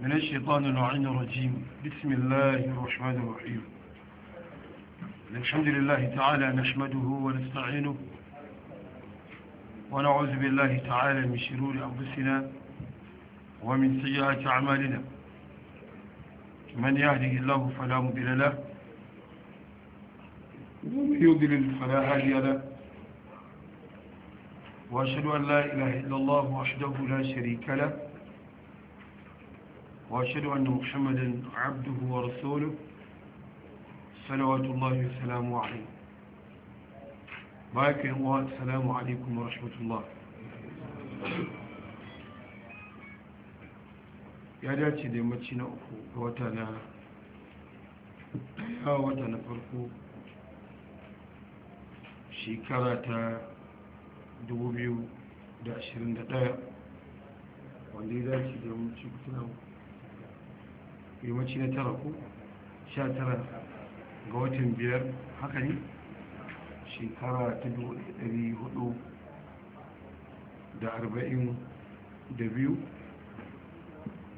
من الشيطان العين الرجيم بسم الله الرحمن الرحيم الحمد لله تعالى نحمده ونستعينه ونعوذ بالله تعالى من شرور أنفسنا ومن سيئات أعمالنا من يهده الله فلا مضل له ومن يضلل فلا هادي له وأشهد أن لا إله إلا الله وحده لا شريك له وأشهد أن محمدا عبده ورسوله صلوات الله وسلامه عليه بارك الله السلام عليكم ورحمة الله ya dace da yammaci na uku ga wata na daya wata na farko shekara ta 2021 wanda ya dace da yammaci kusa yawanci na tara ku sha tara ga watan biyar haka ne shekara ta hudu da arba'in da biyu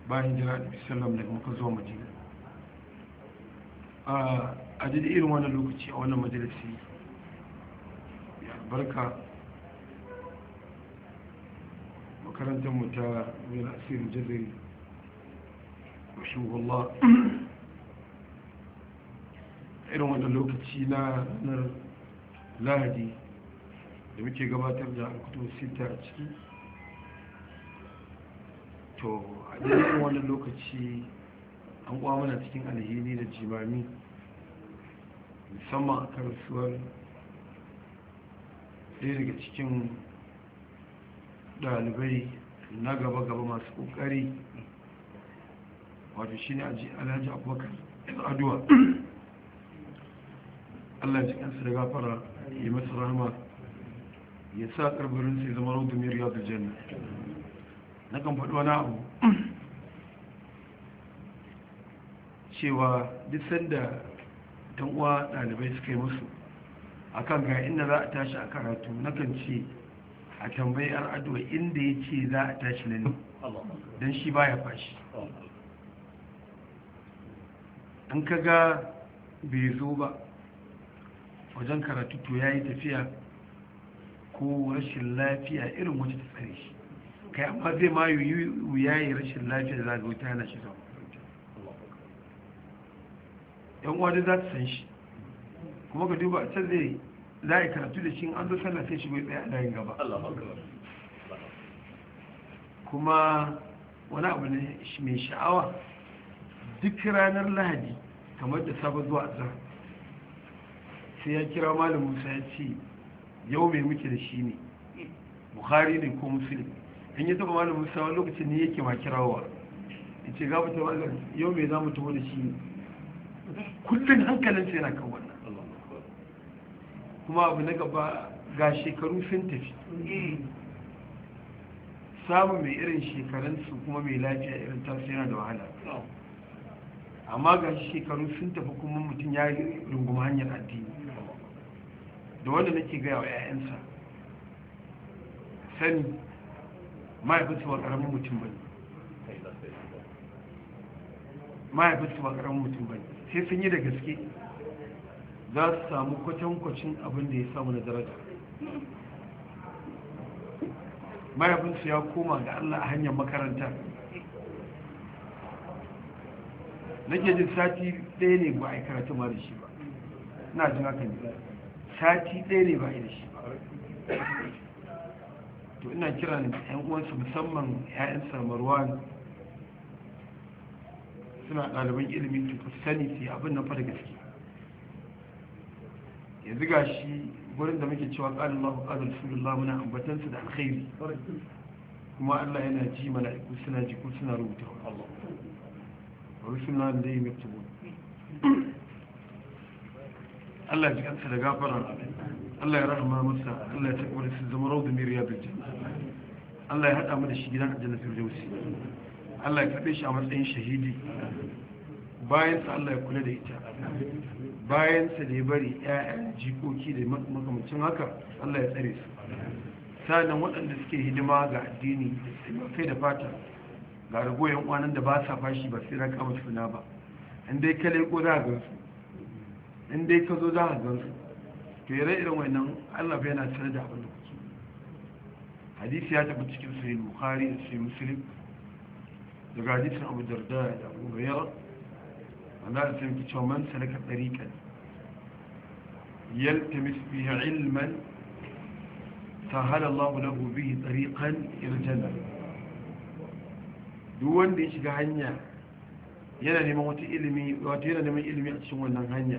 bayan jira bisallam da muka zuwa madina a daidai irin wani lokaci a wannan majalisi ya barka. makarantar mu ta wani asirin jazari mashigo Allah irin wannan lokaci na ranar lahadi da muke gabatar da alkutu sita a ciki to a daidai wannan lokaci an kwamana cikin alhini da jimami musamman a karsuwar ɗaya daga cikin ɗalibai na gaba-gaba masu ƙoƙari wato shi ne alhaji abubakar adu'a. allah ya kansa da gafara ya masa rahama ya sa karbarin sai zama rautu mai da jana. na kan faɗi wani abu cewa duk sanda dan uwa ɗalibai suka yi musu a kan ga inda za a tashi a karatu na kan ce a tambayar addu'a inda ya ce za a tashi nan don shi baya fashi an ka ga bai zo ba wajen karatu to ya yi tafiya ko rashin lafiya irin wacce ta tsare shi kai amma zai ma yi wuya yi rashin lafiya da zaga wuta yana shi zama yan wajen za ta san shi kuma ka duba can zai za a karatu da shi an zo sallah sai shi bai tsaye a layin gaba kuma wani abu ne mai sha'awa duk ranar lahadi kamar da sabon zuwa azhar sai ya kira malam musa ya ce yau mai muke da shi ne bukhari ne ko muslim in yi taba malam musa wani lokacin ne yake ma kirawa ya ce gaba ta azhar yau mai za mu taho da shi ne kullum hankalin sai na kan wannan kuma abu na gaba ga shekaru sun tafi samun mai irin shekarunsu kuma mai lafiya irin tasu yana da wahala amma ga shekaru sun tafi kuma mutum ya yi runguma hanyar addini da wanda nake gaya wa 'ya'yansa sani mahaifinsu ba ƙaramin mutum ba ne mahaifinsu ba ƙaramin mutum ba ne sai sun yi da gaske za su samu kwacin-kwacin abin da ya samu na daraja mahaifinsu ya koma ga allah a hanyar makarantar. nake jin sati ɗaya ne ba a yi karatu ma da shi ba na jin haka ne sati ɗaya ne ba a yi da shi ba to ina kira kiran yan uwansa musamman 'ya'yan samarwan suna ɗaliban ilimin ku sani su yi abin na fara gaske Ya ziga shi gurin da muke cewa ƙalin lafi ƙalin sulullah muna ambatansu da alkhairi kuma allah yana ji mala'iku suna ko suna rubuta rusuna da yi miktubu Allah ji kansa da gafara Allah ya rahama masa Allah ya taɓa da su zama da miriya birjin Allah ya haɗa mana shi gidan aljanna firdausi Allah ya karɓe shi a matsayin shahidi bayansa Allah ya kula da ita bayansa da ya bari 'ya'yan jikoki da makamancin haka Allah ya tsare su sanan waɗanda suke hidima ga addini da kai da fata ga rago yan uwanan da ba sa fashi ba sai raka musu suna ba in dai ka leko za a gansu in dai ka zo za a gansu to yare irin wannan allah bai yana tare da abin da kuke hadisi ya tafi cikin sai bukhari da sai muslim daga hadisin abu darda da abu bayar wanda da sai kicin man salaka tsarikan yaltamis bihi ilman sahala allah lahu bihi tsarikan irjana duk wanda ya shiga hanya yana neman wata ilimi wato yana neman ilimi a cikin wannan hanya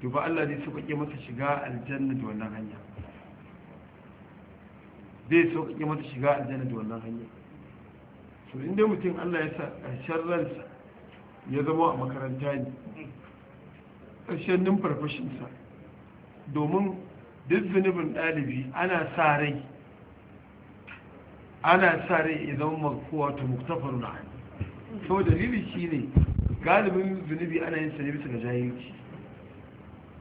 to fa Allah zai sauƙaƙe masa shiga aljanna da wannan hanya zai sauƙaƙe masa shiga aljanna da wannan hanya to inda mutum Allah ya sa ƙarshen ransa ya zama a makaranta ne ƙarshen fashinsa, domin duk zunubin ɗalibi ana sa rai ana sa idan makuwa ta muktafar na hannu sau dalili shi ne galibin zunubi ana yin sanibi su ga jahilci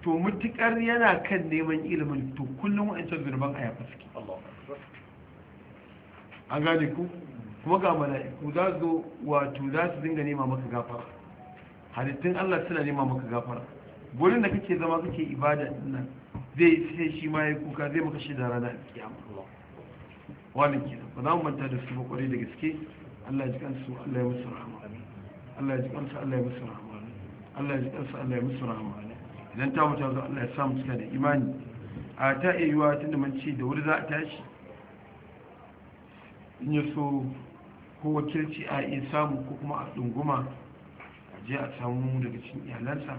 to mutukar yana kan neman ilimin to kullum wa'ancan zunuban a yafa suke an gane ku kuma ga mala'iku za su wato za su dinga nema maka gafara halittun allah suna nema maka gafara gurin da kake zama kake ibada nan zai sai shi ma ya kuka zai maka shi da rana a kiyama wannan kenan ba za mu manta da su ba kwarai da gaske Allah ya ji kansu Allah ya musu rahama Allah ya ji kansu Allah ya musu rahama Allah ya ji kansu Allah ya musu rahama idan ta mutu zo Allah ya sa mu cika da imani a ta iya tunda mun ci da wuri za a tashi in ya so ko wakilci a iya samu ko kuma a dunguma a je a samu mu daga cikin iyalansa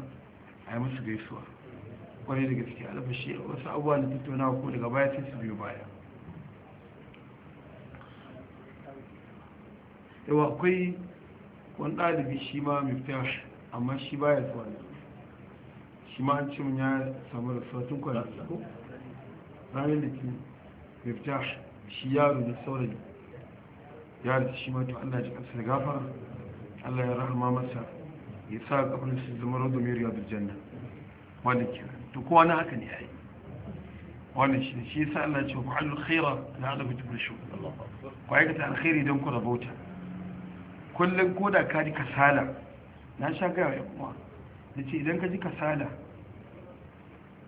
a yi musu gaisuwa kwarai da gaske alabashi wasu abubuwa na tattaunawa ko daga baya sai su biyo baya yawa akwai wani ɗalibi shi ma miftar amma shi ba ya zuwa ne shi ma an cimin ya samu da sautin kwanaki ko ranar da ke miftash shi yaro da saurayi yaro shi ma to allah ji kansa gafa allah ya rahama masa ya sa kafin su zama rodo mai riyar birjanna wanda ke to kowa na haka ne ya yi wannan shi shi ya sa allah ce wa fa'allu khaira na hada fitu bishu ku aikata alkhairi don ku rabauta kullum ko da ka ji kasala na sha gaya wa yankuwa da ce idan ka ji kasala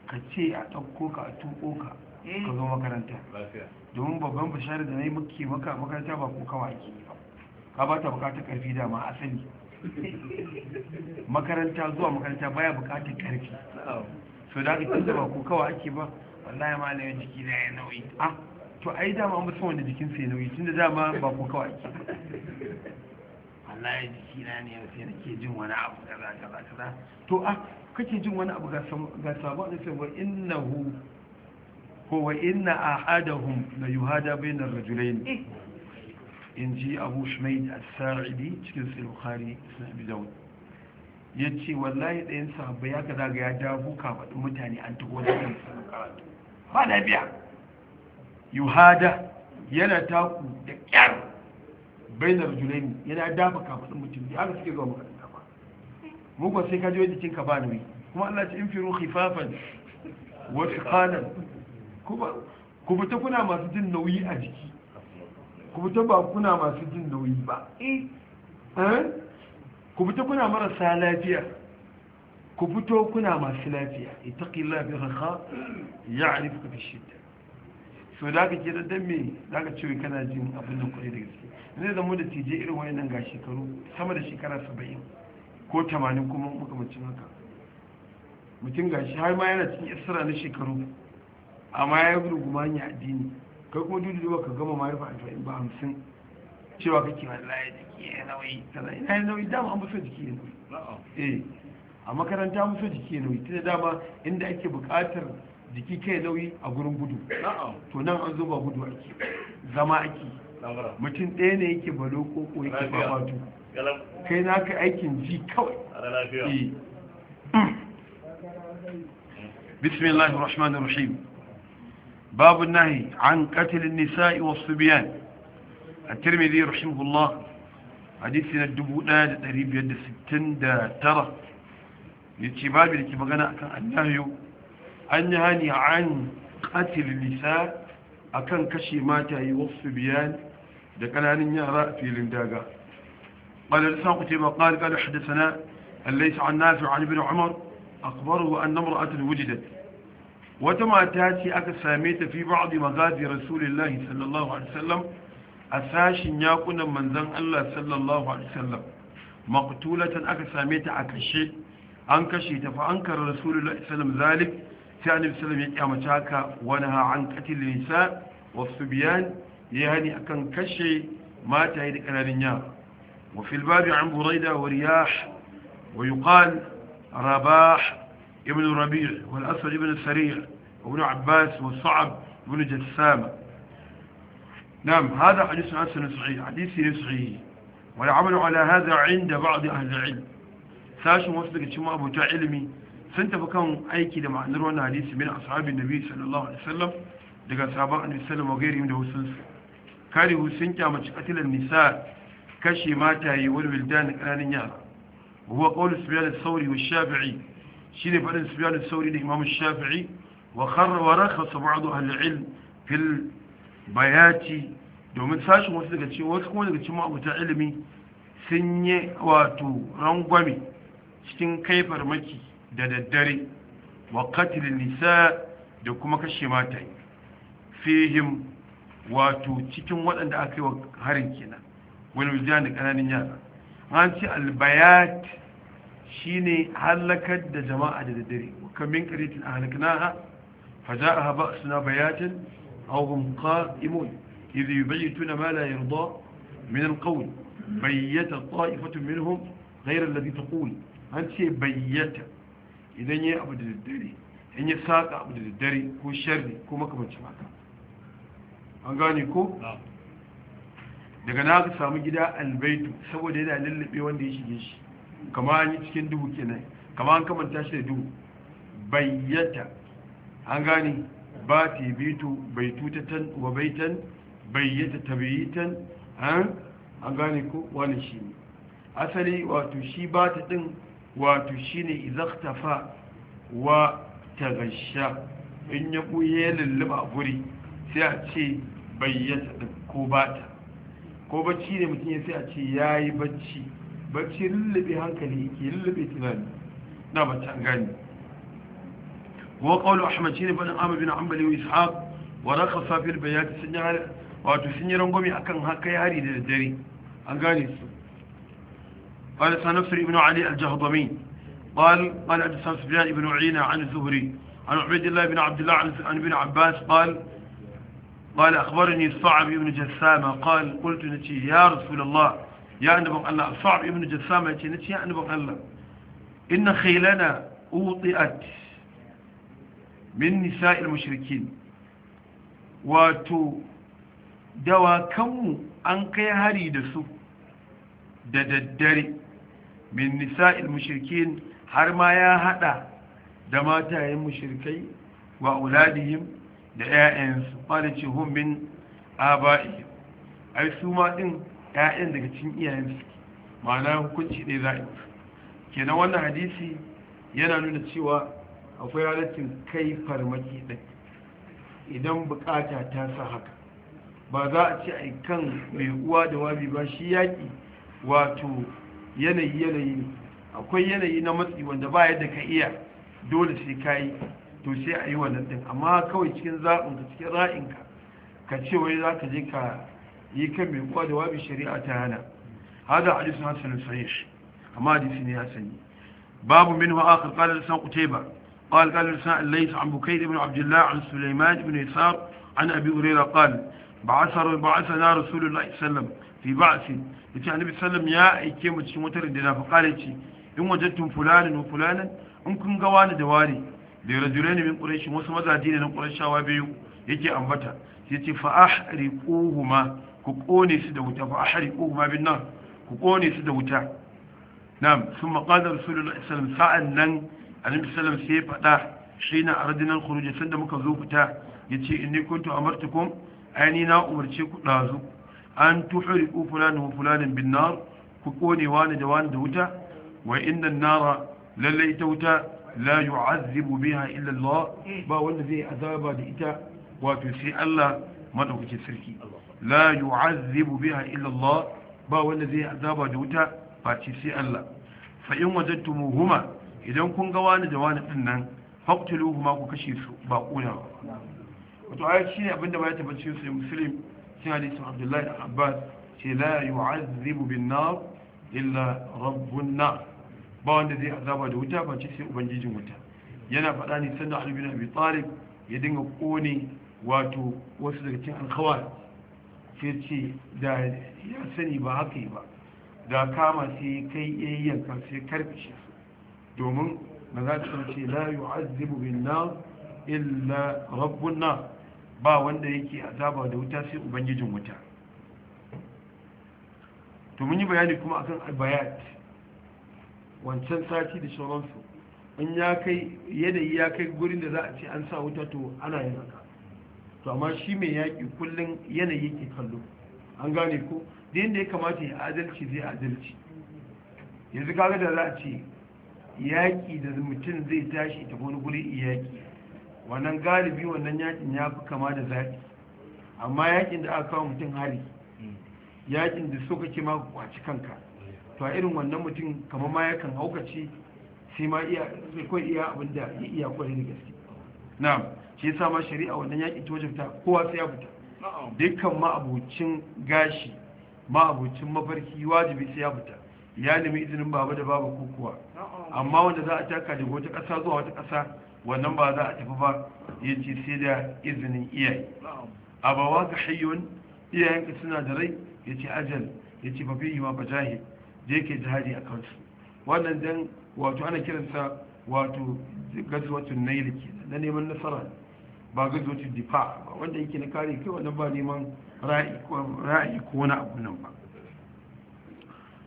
ka ce a ɗauko ka a tuko ka ka zo makaranta domin babban bashari da na yi muke maka makaranta ba ko kawa ake ba ka ba ta bukatar ƙarfi ma a sani makaranta zuwa makaranta baya bukatar ƙarfi so da ake tunda ba ko kawa ake ba wallahi ya na jiki na ya nauyi ah to ai dama an musamman da jikinsa ya nauyi tunda dama ba ko kawa ake wallahi jiki na ne sai nake jin wani abu kaza kaza kaza to a ah, kake jin wani abu ga sabon da inna hu? ko wa inna ahadahum la yuhada rajulai ne? Eh. in ji abu shumaid as-sa'idi cikin sahih suna bi abi ya ce wallahi ɗayan sahabbai ya kaza ga ya dafu kafadin mutane an tago da kan karatu ba na biya yuhada yana taku da kyar bainar julani yana dafa kafin mutum da haka suke zuwa makaranta ba mugun sai ka ji wajen cinka ba nauyi kuma Allah ce in firu khifafan wa thiqalan kuma ku fita kuna masu jin nauyi a jiki ku fita ba kuna masu jin nauyi ba eh ku fita kuna marasa lafiya ku fito kuna masu lafiya ittaqi Allah bi raha ya'rifuka fi shiddah so da ka kira dan me za ka ce kana jin abin da kuɗi da gaske zai zama da tije irin wani nan ga shekaru sama da shekara saba'in ko tamanin kuma makamacin haka mutum ga shi har ma yana cikin isra na shekaru amma ya yi rugumanya addini kai kuma dudu da ka gama ma rufa arba'in ba hamsin cewa kake wallahi jiki ya nauyi kaza ina ya nauyi dama an buso jiki ya nauyi eh, a makaranta an buso jiki ya nauyi tunda dama inda ake buƙatar jiki kai nauyi a gurin gudu to nan an zuba gudu ake zama ake mutum ɗaya ne yake balo ko ko yake babatu kai na ka aikin ji kawai eh. hmm. bismillahir rahmanir rahim babu nahi an qatlin nisa'i was subyan at-tirmidhi rahimahullah hadisi na 1569 yace babu da ke magana akan annahi an yi hani an katil nisa a kan kashe mata yi wasu biyani da kananin yara a filin daga ƙwallar sa ku ce ba ƙari ƙari hada sana allai su an nafi wani bin umar a kubaru an namar atul wujidat wata mata ce aka same ta fi ba'a da magazi sallallahu alaihi sallam a sashin yakunan manzan allah sallallahu alaihi maktulatan aka same ta a kashe an kashe ta fa an kar rasulullahi sallam zalik سعد سلم يا متاكا ونهى عن قتل النساء والصبيان يهني اكن كشي ما تهيد كنانيا وفي الباب عن بريدة ورياح ويقال رباح ابن ربيع والأسود ابن سريع وابن عباس والصعب ابن جسامة نعم هذا حديث حسن صحيح حديث نسعي صحيح والعمل على هذا عند بعض أهل العلم ساشم وصلك شما أبو تعلمي sun tafi kan aiki da ma'anar wannan hadisi min ashabin nabi sallallahu alaihi wasallam daga sahaban annabi sallallahu alaihi wasallam da wasu karihu sun kyamaci katilan nisa kashe mataye wani wildan ƙananan yara huwa qawlu sufyan al-thawri wa shafi'i ne fadin sufyan al-thawri da imam shafi'i wa kharra wa rakhasa ba'du ahli al-ilm fil bayati domin sashin wasu daga cikin wasu kuma daga cikin ma'abuta ilimi sun yi wato rangwame cikin kaifar farmaki da daddare wa katilin nisa da kuma kashe mata fihim wato cikin waɗanda aka yi wa harin kenan wani wujiya da ƙananin yara an ce albayat shi ne halakar da jama'a da daddare kamin ƙaritin a halaknaha faja a haɓa suna bayatin ahun ƙa'imun izu yi bayi tuna ma la yarda min alƙawun bayyata ta'ifatun minhum ghairar da ta an ce idan ya yi abu da daddare in ya saƙa abu da daddare ko sharri ko makamancin haka an gane ko daga na ka samu gida albaitu saboda yana lullube wanda ya shige shi kama an yi cikin duhu kenan kama an kamanta shi da duhu bayyata an gane ba ta bitu bai tutatan wa baitan bayyata tabiyitan eh? an gane ko wani shi ne asali wato shi ba ta din wato shine izaktafa wa tagasha in ya buye lulluba guri sai a ce bayyata da ko bata ko bacci ne mutum ya sai a ce ya yi bacci bacci lullube hankali ke lullube tunani na an gani wa qawlu ahmad shine ban amr bin ambali wa ishaq wa rakhasa fil bayat sun yi wato sun yi rangwame akan haka yari da daddare an gane su قال سنفر بن علي الجهضمي قال قال عبد سفيان بن عينة عن الزهري عن عبيد الله بن عبد الله عن ابن عباس قال قال أخبرني الصعب بن جسامة قال قلت نتي يا رسول الله يا نبغ الله الصعب بن جسامة نتي يا نبغ الله إن خيلنا أوطئت من نساء المشركين واتو دواكم أنكي دسو سوء da daddare min nisa'il mushrikin har ma ya hada da matayen mushrikai wa uladihim da ƴaƴansu qalace hum min aba'ihim ai su ma din daga cikin iyayensu ma'ana hukunci dai za'i kenan wannan hadisi yana nuna cewa akwai halaccin kai farmaki din idan bukata ta sa haka ba za a ce aikan mai uwa da wabi ba shi yaƙi, wato yanayi yanayi ne akwai yanayi na matsi wanda ba yadda ka iya dole sai ka yi to sai a yi wannan ɗin amma kawai cikin zaɓinka cikin ra'inka ka ce wai za ka je ka yi kan mai kwa da wabi shari'a ta hana hada hadisun hasanin shi amma hadisi ne sanyi babu min wa akhir qala lisan qutayba qala qala lisan lays an bukayd ibn abdullah an sulayman ibn isar an abi hurayra ba ba'athara ba'athana rasulullahi sallallahu alaihi wasallam fi ya ce annabi sallam ya aike mu cikin wata rindina fa kare ce in wajadtum fulanan wa fulanan in kun ga wani da wani da rajulaini min quraish wasu mazaji ne na qurayshawa biyu yake ambata yace fa ahriquhuma ku kone su da wuta fa ahriquhuma bin nan ku kone su da wuta na'am sun qala rasulullahi sallam alaihi nan sa'annan annabi sallam sai faɗa fada shine ardinan khuruj sanda muka zo fita yace inni kuntu amartukum aini na umarce ku dazu an tuhriqu fulanin wa fulanin bin nar ku kone wani da wani da wuta wa inna an-nara lalle ita wuta la yu'azzibu biha illa Allah ba wanda zai azaba da ita wato sai Allah madaukakin sarki la yu'azzibu biha illa Allah ba wanda zai azaba da wuta face sai Allah fa in huma idan kun ga wani da wani din nan faqtuluhuma ku kashe su ba kuna wato ayat shine abinda ba ya tabbace su muslim sai hadisin abdullahi da abbas ce la yu'azzibu bin nar illa rabbun ba wanda zai azaba da wuta ba ce sai ubangijin wuta yana faɗa ne sanda Ali bin Abi ya dinga ƙone wato wasu daga cikin alkhawar sai ce da ya sani ba haka yi ba da kama sai kai yayyan kan sai karfishi domin maza ta ce la yu'azzibu bin nar illa rabbun ba wanda yake azaba da wuta sai ubangijin wuta to mun yi bayani kuma akan albayat wancan sati da sauransu in ya kai yanayi ya kai gurin da za a ce an sa wuta to ana yin haka to amma shi mai yaƙi kullum yanayi yake kallo an gane ko da yadda ya kamata ya adalci zai adalci yanzu kaga da za a ce yaƙi da mutum zai tashi ta wani guri yaƙi wannan galibi wannan yakin ya fi kama da zaɓi amma yakin da aka kawo mutum hari yakin da suka ce ma kwaci kanka to a irin wannan mutum kamar ma yakan haukaci sai ma iya kai iya abin da ya iya kwari da gaske na'am shi yasa ma shari'a wannan yakin ta wajibta kowa sai ya fita dukkan ma abocin gashi ma abocin mafarki wajibi sai ya fita ya nemi izinin baba da baba ko kuwa amma wanda za a taka daga wata ƙasa zuwa wata ƙasa wannan ba za a tafi ba ya ce sai da izinin iyaye a ba wa ka hayyun iyayenka suna da rai ya ce ajal ya ce bafi yi ma ba jahi je ke jihadi a kansu wannan dan wato ana kiransa wato gazuwatun nail ke na neman nasara ba gazuwatun dipa ba wanda yake na kare kai wannan ba neman ra'ayi ko wani abu nan ba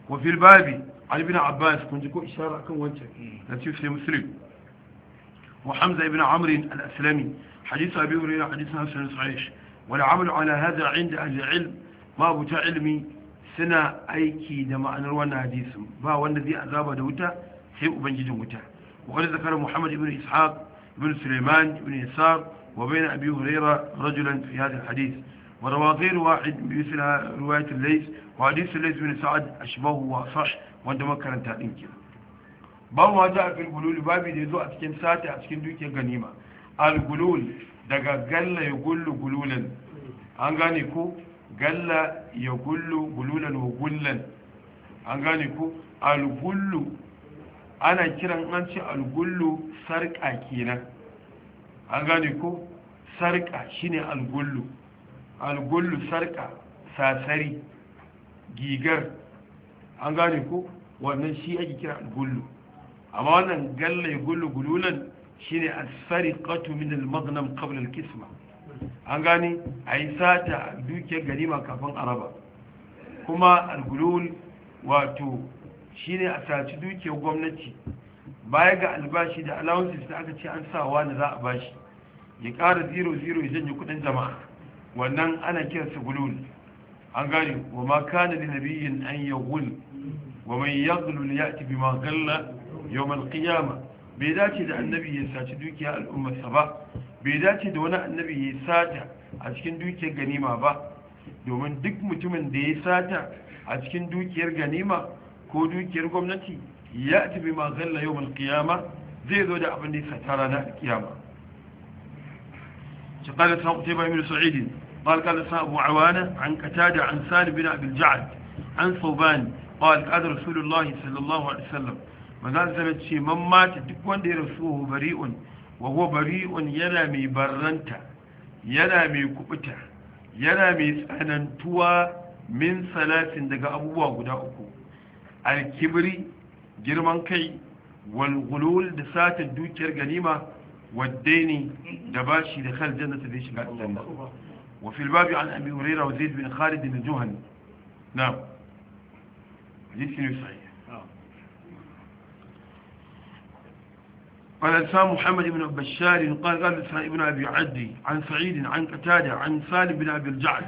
wa fil babi ali bin abbas kun ji ko ishara kan wancan mm. na sai muslim وحمزة بن عمرو الأسلمي حديث أبي هريرة حديث حسن صحيح والعمل على هذا عند أهل العلم ما بتاع علمي سنة أيكي دماء نروانا حديث ما والذي أذاب دوتا سيء بنجد متى وقد ذكر محمد بن إسحاق بن سليمان بن يسار وبين أبي هريرة رجلا في هذا الحديث وروى غير واحد مثل رواية الليث وحديث الليث بن سعد أشبه وصح وعندما كانت تعليم كده babu ma a fil gulul babu da yazo a cikin sati a cikin dukiyar ganima al gulul daga galla ya gullu gululan an gane ko galla ya gullu gululan wa gullan an gane ko al gullu ana kiran an ce al gullu sarka kenan an gane ko sarka shine al gullu al gullu sarka sasari gigar an gane ko wannan shi ake kira al gullu amma wannan gallai gulugululan shine asfariqatu min almaghnam qabla al an gani ayi sata duke garima kafin araba kuma algulul wato shine a saci duke gwamnati baya ga albashi da allowances da aka ce an sa wa ne za a bashi ya kara 00 ya janye kudin jama'a wannan ana kiransa gulul an gani wa ma kana li an yagul wa man yaghlul ya'ti bima ghalla yawm al-qiyama bai dace da annabi ya saci dukiya al'ummarsa ba bai dace da wani annabi ya sata a cikin dukiyar ganima ba domin duk mutumin da ya sata a cikin dukiyar ganima ko dukiyar gwamnati ya tafi ma zalla yawm al-qiyama zai zo da abin da ya sata ranar kiyama قال سنة قتيبة بن سعيد قال قال سنة أبو عوانة عن كتادة عن سالم بن أبي الجعد عن ثوبان قال قال رسول الله صلى الله عليه وسلم manzo zana alaihi ce man mata duk wanda ya rasu bari'un wa huwa bari'un yana mai barranta yana mai kubuta yana mai tsanantuwa min salatin daga abubuwa guda uku alkibri girman kai wal da satin dukiyar ganima da bashi da دباشي لخال جنة ليش بعد الجنة وفي الباب عن أبي هريرة وزيد بن خالد الجهني نعم حديث صحيح قال أنسان محمد بن بشار قال قال أنسان ابن أبي عدي عن سعيد عن قتادة عن سالم بن أبي الجعد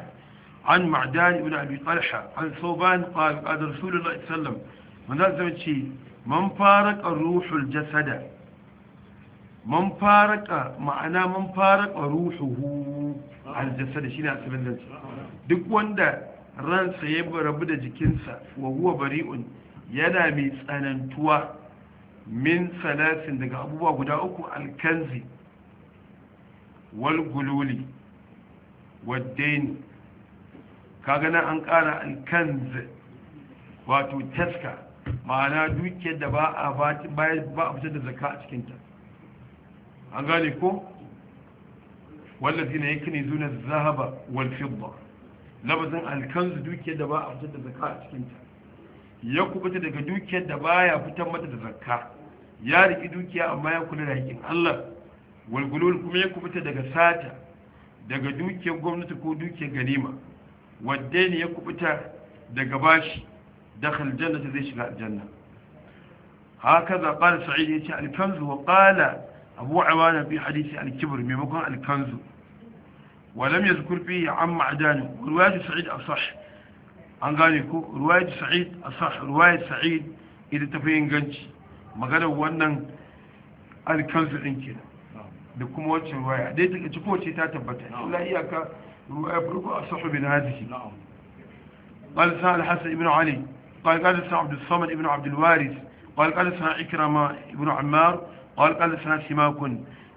عن معدان بن أبي طلحة عن ثوبان قال قال رسول الله صلى الله عليه وسلم من ذلك شيء من فارق الروح الجسد من فارق معنى من فارق روحه الجسد شيء أسبب ذلك دك wanda ransa ya rabu da وهو بريء ينامي bari'un yana min salasin daga abubuwa guda uku alkanzi wal gululi waddaini kaga nan an ƙara alkanz wato taska ma'ana dukiyar da ba a fitar da zaka a cikinta an gane ko wallazi na yakin zuna zahaba wal fidda labazin alkanz dukiyar da ba a fitar da zaka a cikinta ya kubuta daga dukiyar da baya fitar mata da zakka ya riki dukiya amma ya kula da haƙƙin Allah walgulul kuma ya kubuta daga sata daga dukiyar gwamnati ko dukiyar ganima wadda ne ya kubuta daga bashi haljanna ta zai shiga aljanna haka za qala sa'id yace al-kanzu wa qala abu awana bi hadisi al-kibr maimakon al-kanzu wa lam yadhkur fihi amma adani riwayat sa'id asah an gane ko riwayat sa'id asah riwayat sa'id idan tafi inganci maganar wannan alkansu ɗin ke da kuma wacce ruwaya dai ta ci kowace ta tabbata illa iyaka ruwaya farko a sahu bin hadisi قال سنة الحسن بن علي قال قال سنة عبد الصمد بن عبد الوارث قال قال سنة إكرمة بن عمار قال قال سنة سماك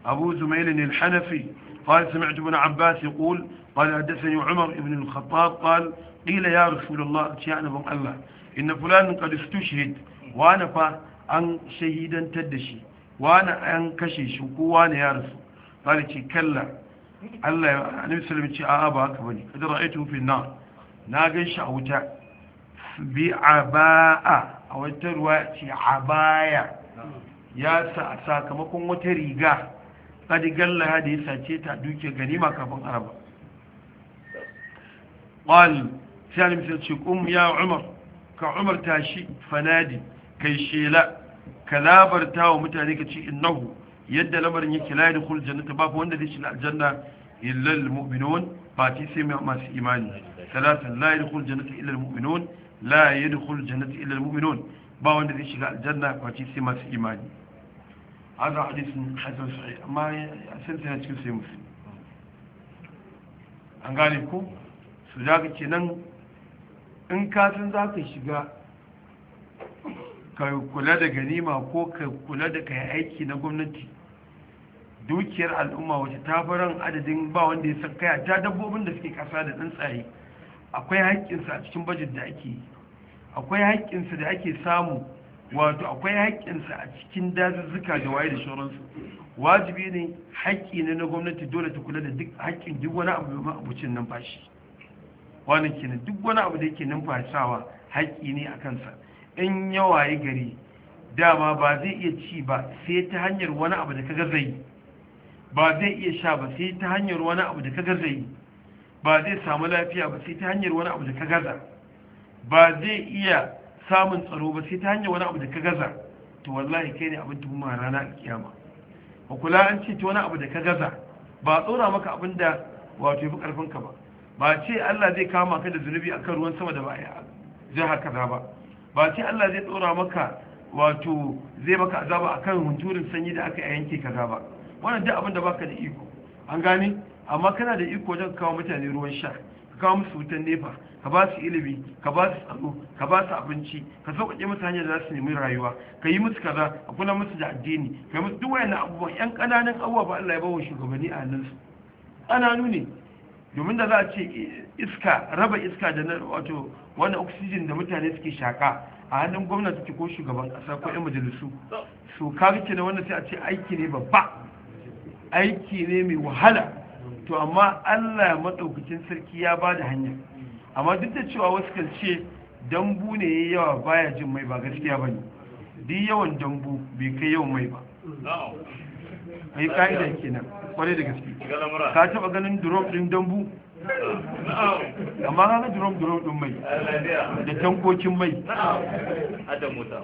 أبو زميل الحنفي قال سمعت ابن عباس يقول قال حدثني عمر بن الخطاب قال قيل يا رسول الله أتيانا بن الله إن فلان قد استشهد وأنا فا an shahidantar da shi wani an kashe shi ko wani ya rasu bari ce kalla Allah ya annabi sallallahu ce a ba haka bane kada ra'aytu fi na na gan shi a wuta bi abaa a wata ruwa ce abaya ya sa a sakamakon wata riga kad galla da ya sace ta duke ganima kafin araba qal sai annabi sallallahu ce um ya umar ka umar tashi fanadi kai shela ka labarta wa mutane ka ce innahu yadda lamarin yake la yadkhul jannata babu wanda zai shiga aljanna illa almu'minun ba ti sai masu imani salatan la yadkhul jannata illa almu'minun la yadkhul jannata illa almu'minun ba wanda zai shiga aljanna ba ti sai masu imani hada hadisin hasan sahih amma san tana cikin sai musu an gane ko su da ka ce nan in ka san za ka shiga ka kula da ganima ko ka kula da kai aiki na gwamnati dukiyar al'umma wace ta faran adadin ba wanda ya san kaya ta dabbobin da suke kasa da tsuntsaye akwai haƙƙinsa a cikin bajet da ake yi akwai haƙƙinsa da ake samu wato akwai haƙƙinsa a cikin dazuzzuka da waye da shauransu wajibi ne haƙƙi ne na gwamnati dole ta kula da duk haƙƙin duk wani abu mai abucin numfashi wannan kenan duk wani abu da yake numfasawa haƙƙi ne a kansa in yawa ya gari dama ba zai iya ci ba sai ta hanyar wani abu da gaza yi. ba zai iya sha ba sai ta hanyar wani abu da gaza yi. ba zai samu lafiya ba sai ta hanyar wani abu da ka gaza ba zai iya samun tsaro ba sai ta hanyar wani abu da ka gaza to wallahi kai ne abin tuhuma rana a kiyama ba kula an ce ta wani abu da ka gaza ba tsora maka abin da wato yafi ka ba ba ce Allah zai kama ka da zunubi akan ruwan sama da ba a jihar kaza ba ba sai Allah zai tsora maka wato zai maka azaba akan hunturin sanyi da aka yanke kaza ba wannan duk abin da baka da iko an gane amma kana da iko wajen ka kawo mutane ruwan sha ka kawo musu wutan nefa ka ba su ilimi ka ba su tsaro ka ba su abinci ka sauƙaƙe musu hanyar da za su nemi rayuwa ka yi musu kaza ka kula musu da addini ka yi musu duk wayannan abubuwan yan ƙananan abubuwa ba Allah ya bawa shugabanni a hannunsu ƙananu ne domin da za a ce iska raba iska da na wato wani oxygen da mutane suke shaka a hannun gwamnati ko shugaban kasa ko 'yan majalisu so kawai ke na wannan sai a ce aiki ne babba aiki ne mai wahala to amma allah ya maɗaukacin sarki ya ba da hanya amma duk da cewa wasu kan ce dambu ne ya yawa baya jin mai ba gaskiya ba ne duk yawan dambu bai kai yawan mai ba ai eh, ka'idan kenan kwarai da gaske ka taba ganin drop din dambu amma kaga drop drop din mai da tankokin mai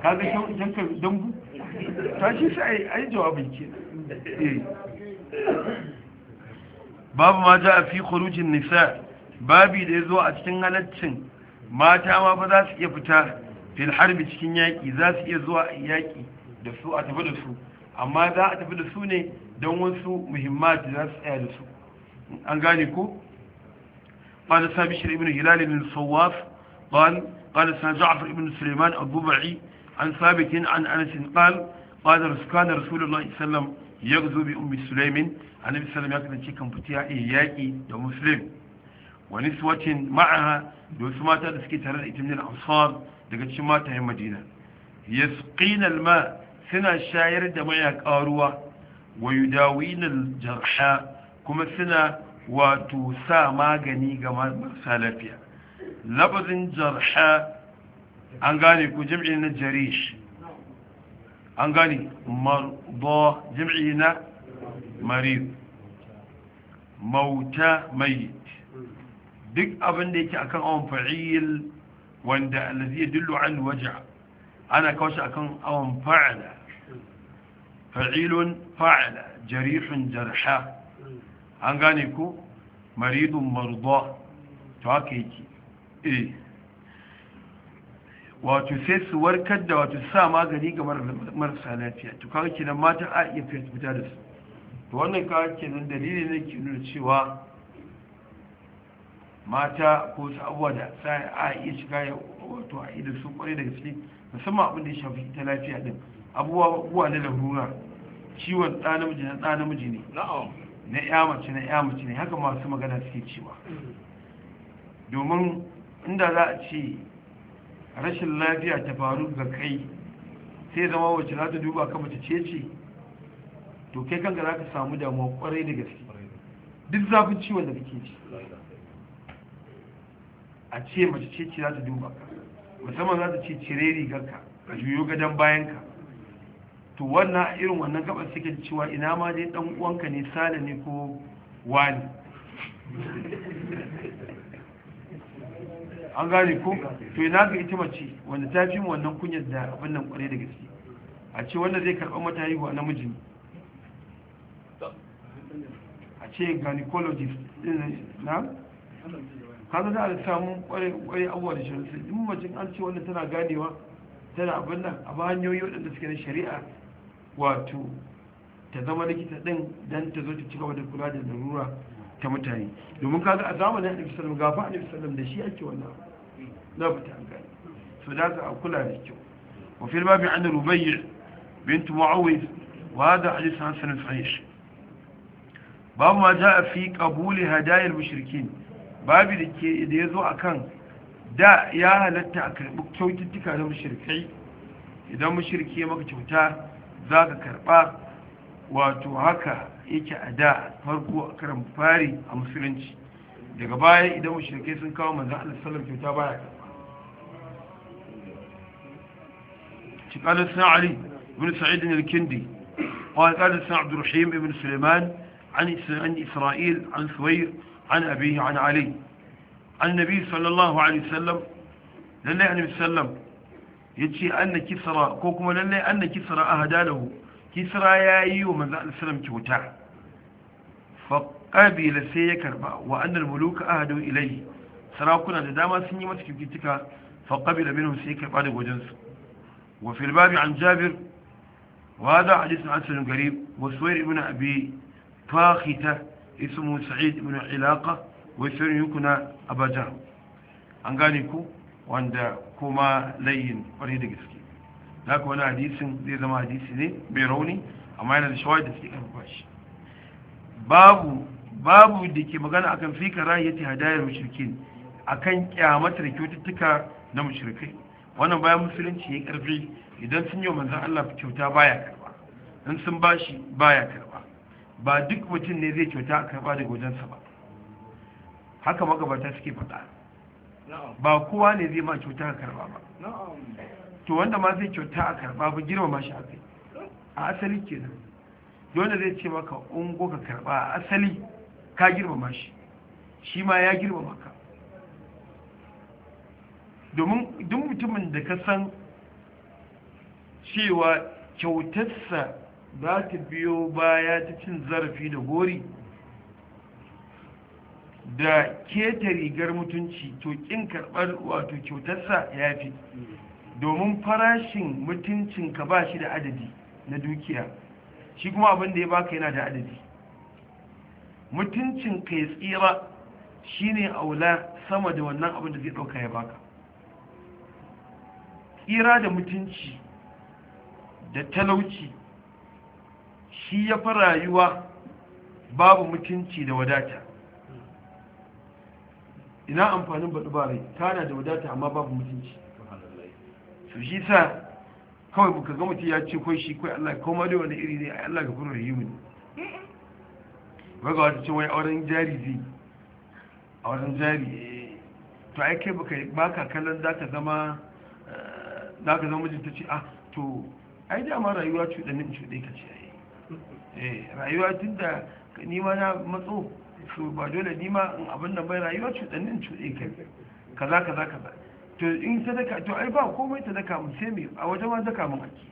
kaga tankar dambu ta shi sai ayi jawabin kenan eh. babu ma ja fi khurujin nisa babi da yazo a cikin halaccin mata ma fa za su iya fita fil harbi cikin yaki za su iya zuwa yaki da su a tafi da su amma za a tafi da su ne don wasu muhimmati za su tsaya da su an gane ku ƙada sami shirin ibn hilal ibn sawaf ƙada sami ja'afar ibn suleiman abu ba'i an sabitin an anasin ƙal ƙada rasulullah rasulullah isallam ya gazo bi umar annabi sallam ya kasance kan fitiya a yaƙi da musulmi wani swatin ma'aha da wasu mata da suke tare da ita ne da daga cikin mata yan madina yasqina al-ma' suna shayar da mayaka ruwa wa yudawinal jarha kuma suna wato sa magani ga marasa lafiya labazin jarha an gane ku jam'i na jarish an gane marba jam'i na marid mauta mayit duk abin da yake akan awon fa'il wanda alladhi yadullu an waja ana kawo shi akan awon fa'ala fa'ilun fa'ala jarihun jarha an gane ko maridun marda to haka yake eh wato sai su warkar da wato sa magani ga marasa lafiya to kaga kenan mata a iya fita da su to wannan kaga kenan dalili ne ke nuna cewa mata ko su abuwa da sai a iya shiga wato a idan su kware daga cikin musamman abin da ya shafi ta lafiya din abubuwa na larura ciwon ɗa namiji na ɗa namiji ne na ya mace na ya mace ne haka masu magana suke cewa domin inda za a ce rashin lafiya ta faru ga kai sai zama wacce za ta duba ka mace ce ce to kai kanka za ka samu damuwa kwarai da gaske duk zafin ciwon da kake ci a ce mace ce ce za ta duba ka musamman za ta ce cire rigarka a juyo gadon bayanka to wannan irin wannan gabar suke cewa ina ma dai dan uwanka ne sale ne ko wani an gane ko to ina ga ita mace wanda ta fi wannan kunyar da abin nan kwarai da gaske a ce wanda zai karɓar mata wa namiji ne a ce gynecologist din na kaza za a samu kware abuwa da shari'a in mace an ce wanda tana ganewa tana abin nan a ba hanyoyi waɗanda suke na shari'a wato ta zama likita din dan ta zo ta ci gaba da kula da larura ta mutane domin kaga a zamanin annabi sallallahu alaihi wasallam gafa annabi sallam da shi ake wannan na fita an gani so da ka kula da kyau wa fil babi an rubayy bint muawid wa hada hadith hasan sahih babu ma jaa fi qabuli hadayil mushrikin babu da ke da yazo akan da ya halatta a karbi kyaututtuka na mushrikai idan mushriki maka kyauta za ka karɓa wato haka yake a da farko a karan fari a musulunci daga baya idan mashirkai sun kawo manzan Allah sallam kyauta baya karɓa cikin sun ali ibn sa'id al-kindi قال قال سعد عبد الرحيم بن سليمان عن إسرائيل عن ثوير عن أبيه عن علي عن النبي صلى الله عليه وسلم لأن النبي صلى الله عليه وسلم yace anna kisra ko kuma lalle anna kisra ahdalahu kisra yi wa manzo Allah sallam kyauta fa qabila sai ya karba wa annal muluka ahadu ilayhi sarakuna da dama sun yi masa kyautuka fa qabila minhu sai karba da wajen su wa fil babi an jabir wa hada hadith hasan garib wa suwayr ibn abi fakhita ismu sa'id ibn ilaqa wa suwayr yukuna abajan an gane ku wanda kuma layin kwarai da gaske da haka wani hadisin zai zama hadisi ne mai rauni amma yana da shawar da suke karfafa shi babu babu da ke magana akan ra karayyati hadayar a akan kyamatar kyaututtuka na mushrikai wannan bayan musulunci ya karfi idan sun yi manzan Allah kyauta baya karba in sun ba shi baya karba ba duk mutum ne zai kyauta a karba daga wajensa ba haka magabata suke faɗa ba kowa ne zai ma cuta a karba ba to wanda ma zai cuta a karba ba ma shi a a asali nan dole zai ce maka ungo ka karba a asali ka ma shi shi ma ya girma maka, domin duk mutumin da ka san cewa kyautarsa za ta biyo baya ta cin zarafi da gori da keta rigar mutunci to kin karɓar wato kyautarsa ya fi domin farashin mutuncinka ba shi da adadi na dukiya shi kuma abin da ya baka yana da adadi mutuncin ka ya tsira shine aula sama da wannan abin da zai ɗauka ya baka tsira da mutunci da talauci shi ya fi rayuwa babu mutunci da wadata ina amfanin baɗu ba rai tana da wadata amma babu mutunci su shi sa kawai buka ga mutum ya ce kwai shi kwai allah ma dai wani iri ne a allah ga furar yi mini baga wata ce wai auren jari zai auren jari eh. to ai kai baka baka kallon za ka zama eh, za ka zama mijinta ce ah to ai dama rayuwa cuɗanin cuɗe ka ce ai eh, rayuwa tun da ni ma na matso su ba dole ni ma in abin da bai rayuwa cuɗannin cuɗe kai kaza kaza kaza to in sadaka to ai ba komai sadaka mun sai me a wajen ma zaka mun aki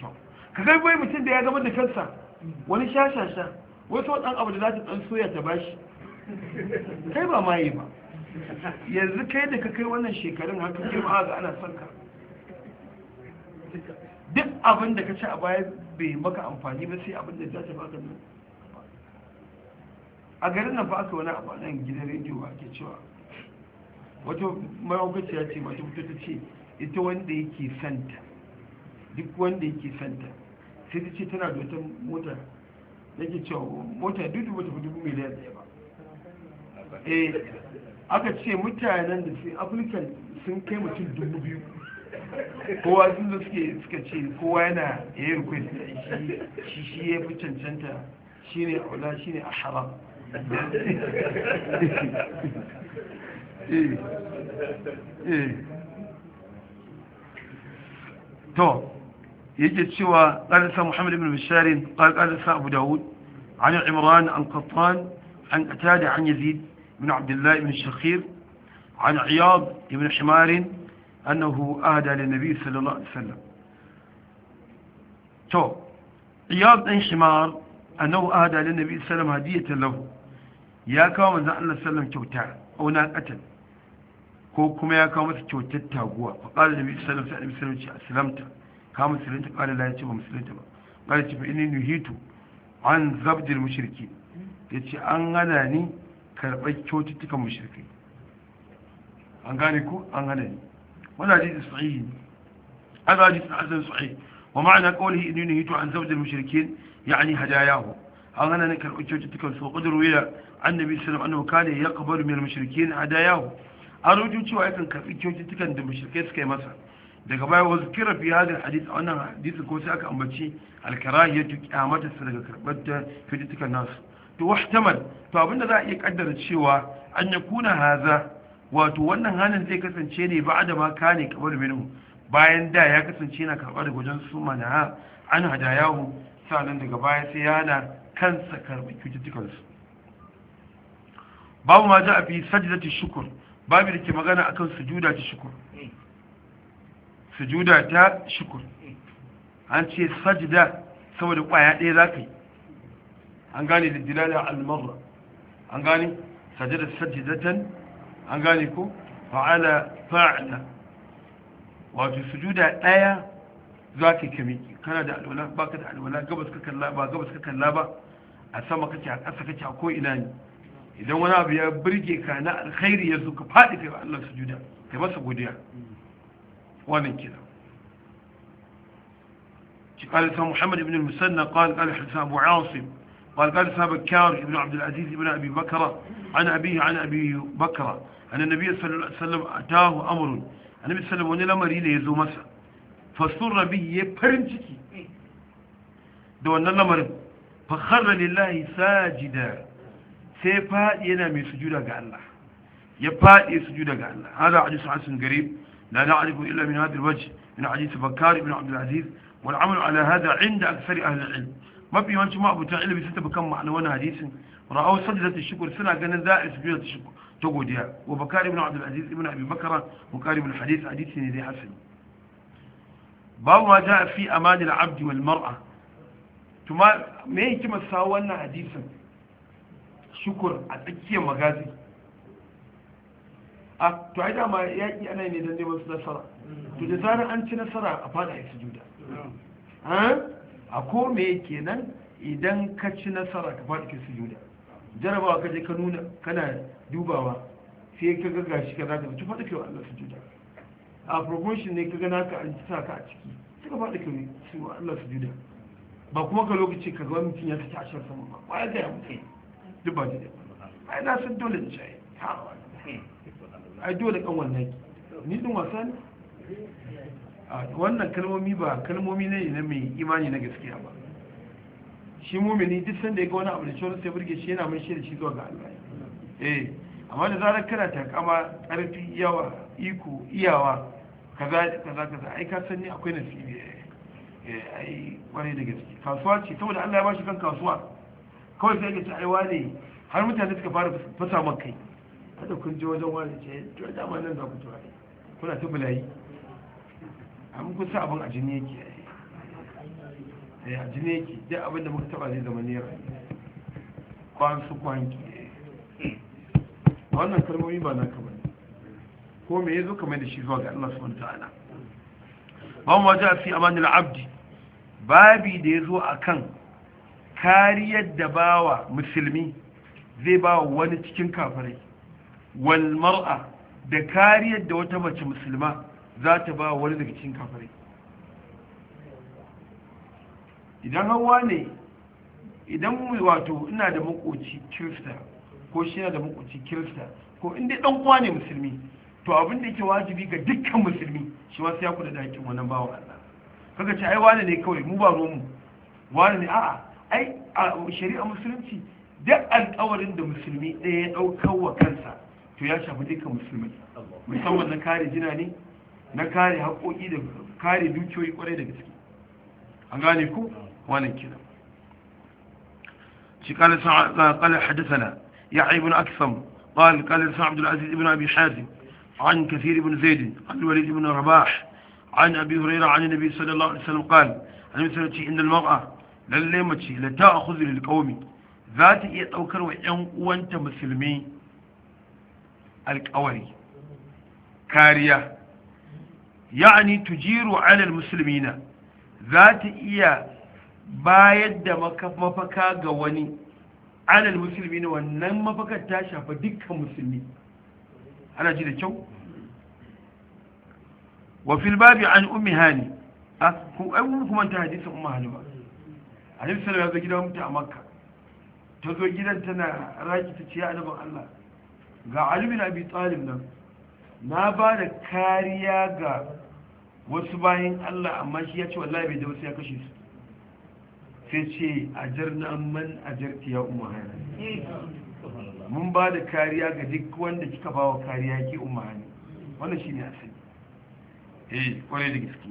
to ka kai bai mutum da ya zama da kansa wani shashasha wato dan abu da za dan soya ta bashi kai ba mai ba yanzu kai da ka kai wannan shekarun haka kai ma ga ana son ka duk abin da ka ci a baya bai maka amfani ba sai abin da za ta baka nan a garin nan fa aka wani abu nan gidan rediyo ke cewa wata mawaukaciya ce mata fito ta ce ita wanda yake santa duk wanda yake santa sai ta ce tana da wata mota ke cewa mota duk dubu tafi dubu miliyan ɗaya ba eh aka ce mutanen da su afirkan sun kai mutum dubu biyu kowa sun da suke suka ce kowa yana ya yi rikwai shi shi ya fi cancanta shi ne a wula shi ne a haram تو يجد سوى قال محمد بن بشار قال قال أبو داود عن عمران عن قطان عن قتادة عن يزيد بن عبد الله بن الشخير عن عياض بن حمار أنه أهدى للنبي صلى الله عليه وسلم تو عياض بن حمار أنه أهدى للنبي صلى الله عليه وسلم هدية له ya kawo manzo Allah sallam kyauta auna katal ko kuma ya kawo masa kyautar taguwa fa qala nabi sallam sai wasallam sallam ce aslamta ka musulunta qala la yace ba musulunta ba qala ci fa inni nuhitu an al mushriki yace an gana ni karɓar kyaututtukan mushrikai an gane ko an gane ni wannan hadisi sahihi wa ma'ana qawlihi inni nuhitu an zabd al mushrikin yani hadayahu an gana ni karbar نكر أجوجتك qadru إلى annabi sallallahu alaihi ya kana yaqbalu min al-mushrikeen hadayahu an rubuta cewa yakan karbi kyaututtukan da mushrikai suka yi masa daga baya wasu kira fi hadin hadith a wannan hadisin ko sai aka ambaci alkarahiyatu kyamata su daga karɓar ta kyaututtukan nasu to wahtamal to da za a iya kaddara cewa an ya kuna haza wato wannan halin zai kasance ne ba da ma kane kabar minu bayan da ya kasance yana karba daga wajen su mana an hadayahu sanan daga baya sai ya hana kansa karbi kyaututtukansu. babu ma ja'a fi sajdati shukr babu da ke magana akan sujuda ta shukr sujuda ta shukr an ce sajda saboda kwaya ɗaya za ka yi an gane da dilala al-marra an gane sajada sajdatan an gane ko fa'ala fa'ala wato sujuda ɗaya za ka kame kana da alwala ba ka da alwala gabas ka kalla ba gabas ka kalla ba a sama kake a ƙasa kake a ko ina ne idan wani abu ya birge ka na alkhairi ya ka faɗi ka yi Allah su juda ka masa godiya wannan kira ki kala ta muhammad ibn musanna qal qal abu asim qal qal sa bakar ibn abd alaziz ibn abi bakr an abi an atahu amr annabi sallallahu alaihi wasallam ne lamari ne ya zo masa fasurra bihi ya farin ciki da wannan lamarin fakhara lillahi sajida sai faɗi yana mai sujuda ga Allah ya faɗi sujuda ga Allah hada hadisi hasan garib la na'rifu illa min hadha al-wajh min hadith bakkar ibn abd al-aziz wal 'amal 'ala hadha 'inda akthari ahli al-'ilm mafi yawanci ma abutan ilimi sun tafi kan ma'anar wannan hadisin ra'aw sajdatu shukr suna ganin za a sujuda ta shukr ta godiya wa bakkar ibn abd al-aziz ibn abi bakra mukarib al-hadith hadisi ne dai hasan babu ma ja'a fi amani al-'abd wal mar'a tuma me yake masa wannan hadisin shukur a tsakiyar magazi a to ai dama yaƙi ana ne don neman su nasara to da zarar an ci nasara a fada ya sujuda a ko me kenan idan ka ci nasara ka fada ka sujuda jarabawa ka je ka nuna kana dubawa sai ka ga gashi ka zaka ci fada ka Allah sujuda a promotion ne ka ga naka an sa ka a ciki sai ka fada ka su Allah sujuda ba kuma ka lokaci ka ga mutum ya saki a shan sama ba ya ga ya mutum duk ba ne. ai na san dole in shayi ai dole kan wannan ni din wasa ne wannan kalmomi ba kalmomi ne na mai imani na gaskiya ba shi mumini duk sanda ya ga wani abu da shi wani sai burge shi yana mai shi da shi zuwa ga Allah eh amma da zarar kana ta kama, karfi yawa iko iyawa kaza kaza kaza ai ka san ni akwai nasibi eh, eh ai kwarai da gaske kasuwa ce saboda Allah ya bashi kan kasuwa kawai sai ka ta aiwa wane har mutane suka fara fasa maka kai kada kun je wajen wani ce to dama nan za ku tura ne kuna ta bulayi amma kun sa abin a jini yake yi eh, a jini yake dai abin da muka taba zai zama nera kwan su kwan A eh. wannan kalmomi ba na kamar ko me zo kamar da shi zuwa ga Allah subhanahu ta'ala ban waje fi amanil abdi babi da ya zo a kan. kariyar da bawa musulmi zai ba wani cikin kafirai wal mar'a da kariyar da wata mace musulma za ta ba wani daga cikin kafirai idan hawa ne idan wato ina da makoci kirista ko shi yana da makoci kirista ko inda dan uwa ne musulmi to abin da yake wajibi ga dukkan musulmi shi ma sai ya kula da hakkin wannan bawa Allah kaga ce ai wani ne kawai mu ba mu wani ne a'a ai a shari'a musulunci duk alkawarin da musulmi ɗaya ya ɗaukar wa kansa to ya shafi dukkan musulmi musamman na kare jina ne na kare haƙoƙi da kare dukiyoyi ƙwarai da gaske an gane ku wannan kira shi kala kala hadisana ya ibn aksam قال قال عبد العزيز بن أبي حازم عن كثير بن زيد عن الوليد بن رباح عن أبي هريرة عن النبي صلى الله عليه وسلم قال عن مثلتي lalle mace la a lil qaumi za ta iya ɗaukar wa ƴan uwanta musulmi alƙawari kariya ya'ani tujiru 'ala musulmina za ta iya bayar da mafaka ga wani alal musulmina wannan mafakar ta shafa dukkan musulmi ana ji da kyau wa fil babi an ummi hani a ah, kuma ta hadisin umma hani ba alaihi ya zo gidan mutu a makka ta zo gidan tana raki ta ce ya allah ga ali abi talib nan na ba da kariya ga wasu bayan allah amma shi ya ce wallahi bai da wasu ya kashe su sai ce a na amman a jirti ya umar mun ba da kariya ga duk wanda kika ba wa kariya ke umar wannan shi ne asali eh kwarai da gaske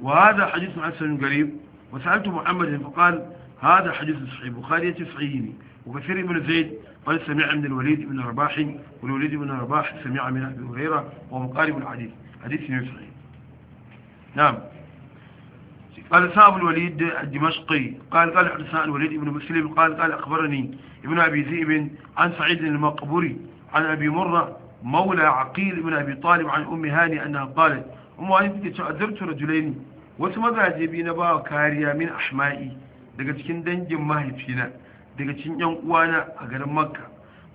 wa hada hadisun Hassan garib وسألت محمد فقال هذا حديث صحيح بخاري صحيح وكثير بن زيد قال سمع من الوليد بن رباح والوليد بن رباح سمع من أبي هريرة ومقارب الحديث حديث صحيح نعم قال صاحب الوليد الدمشقي قال قال حسان الوليد بن مسلم قال قال أخبرني ابن أبي ذئب عن سعيد المقبوري عن أبي مرة مولى عقيل بن أبي طالب عن أم هاني أنها قالت أم هاني تأذرت رجلين wasu mazaje biyu na bawa kariya min ahma'i daga cikin dangin mahaifina daga cikin yan uwana a garin makka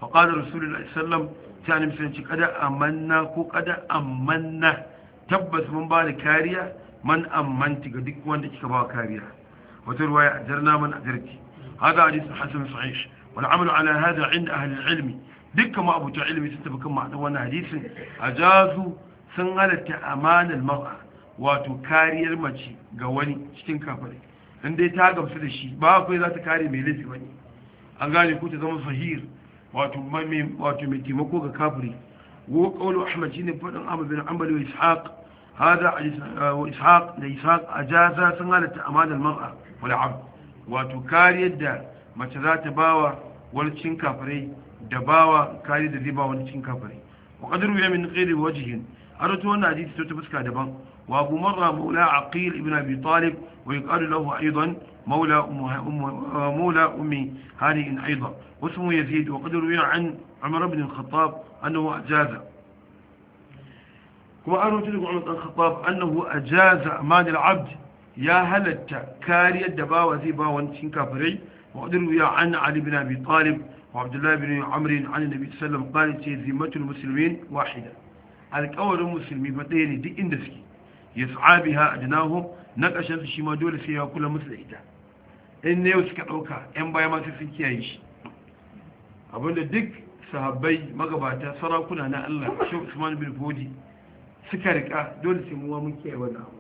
fa qala rasulullahi sallam ta annabi sun ci kada amanna ko kada amanna tabbas mun ba da kariya man amanti ga duk wanda kika bawa kariya wata ruwaya ajarna man ajarti hada hadisi hasan sahih wal amalu ala hada inda ahli ilmi dukkan ma abuta ilmi sun tafi kan ma'anar wannan hadisin ajazu sun halatta amanar mar'a wato kariyar mace ga wani cikin kafare in dai ta gamsu da shi ba akwai za ta kare mai laifi wani an gane ko ta zama fahir wato mai taimako ga kafiri wo kaulu ahmad shine fadin abu bin ambali wa ishaq hada wa ishaq da ishaq ajaza sun halatta al mar'a wal ab wato kariyar da mace za ta bawa wani cikin kafirai da bawa kariyar da zai ba wani cikin kafirai wa qadru ya min ghairi wajhin arato wannan hadisi to ta fuska daban وأبو مرة مولى عقيل بن أبي طالب ويقال له أيضا مولى أم, مولى أمي هانئ أيضا واسمه يزيد وقد روي عن عمر بن الخطاب أنه أجاز كما أنه عمر بن الخطاب أنه أجاز أمان العبد يا هل التكاري الدبا وزيبا وانتين كافري وقد روي عن علي بن أبي طالب وعبد الله بن عمر عن النبي صلى الله عليه وسلم قال ذمة المسلمين واحدة الكور المسلمين متين دي اندسكي yas'a biha adnahum na ƙarshen su shi ma dole sai ya kula musu da ita in ne suka ɗauka 'yan baya masu sun kiyaye shi abinda duk sahabbai magabata sarakuna na Allah shi Usman bin Fodi suka rika dole sai mu mun kiyaye wannan abu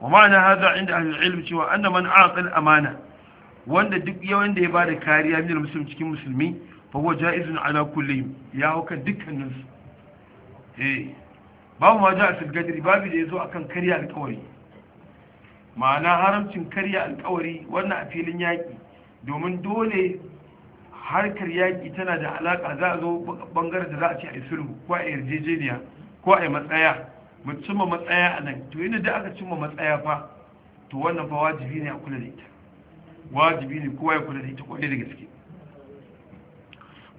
wa ma'ana hada inda ahli ilmi cewa anna man aqil amana wanda duk yawan da ya bada kariya min muslim cikin musulmi fa huwa jaizun ala kullihim ya hauka dukkanin su eh babu ma ja'a fil gadri babu da yazo akan kariya alƙawari ma'ana haramcin kariya alƙawari wannan a filin yaƙi domin dole harkar yaƙi tana da alaƙa za a zo bangaren da za a ce a yi ko a yarjejeniya ko a yi matsaya mu cimma matsaya a nan to yana da aka cimma matsaya fa to wannan fa wajibi ne a kula da ita wajibi ne kowa ya kula da ita kwarai da gaske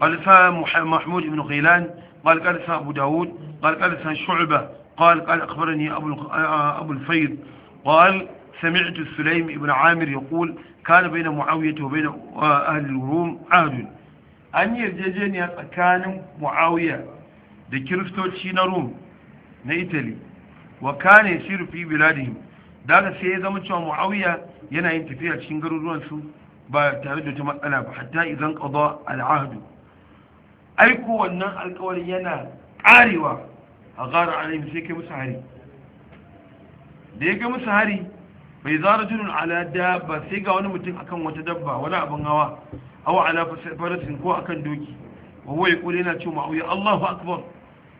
Alfa فمحمود ibn Ghilan قال قال سان أبو داود قال قال سان شعبة قال قال أخبرني أبو آه، آه، الفيض قال سمعت السليم بن عامر يقول كان بين معاوية وبين آه، أهل الروم عهد أن يرججين كان معاوية دي كريستو تشينا روم نيتالي وكان يسير في بلادهم دانا سيئزا مجمع معاوية ينا ينتفيع تشينغر روانسو با تعود تمثلا حتى إذا انقضى العهد aiko wannan alkawarin yana karewa a gara alaihim sai kai musu hari da ya kai musu hari bai zara junun alada ba sai ga wani mutum akan wata dabba wani abin hawa awa ala farasin ko akan doki wa huwa yaqulu yana cewa ma'uya Allahu akbar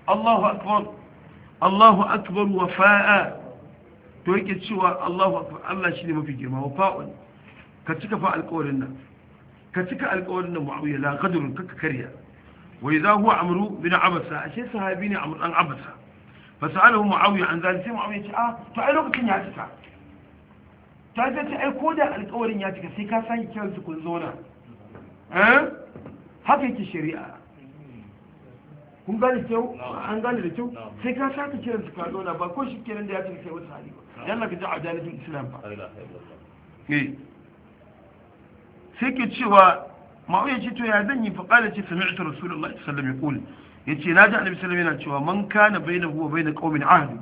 Allahu akbar Allahu akbar wa fa'a to yake cewa Allahu akbar Allah shi ne mafi girma wafa'un ka cika fa alƙawarin nan ka cika alƙawarin nan mu'awiya la qadrun kaka karya wai za huwa amru bin abasa ashe sahabi ne amru dan abasa fa sa'alahu muawiya an zalika sai muawiya ce ah to ai lokacin ya cika ta ce ai ko da alƙawarin ya cika sai ka sake kiran su kun zo na eh haka yake shari'a kun gane kyau an gane da kyau sai ka sake kiran su ka ba ko shi kiran da ya cika sai wata hali ba yalla ka ji adalatul islam ba eh. sai ke cewa ma'auya ce to ya zan yi faƙala ce sami ita rasulullah sallam ya ya ce na ji annabi sallam yana cewa man kana bai na huwa bai na ƙaumin ahadu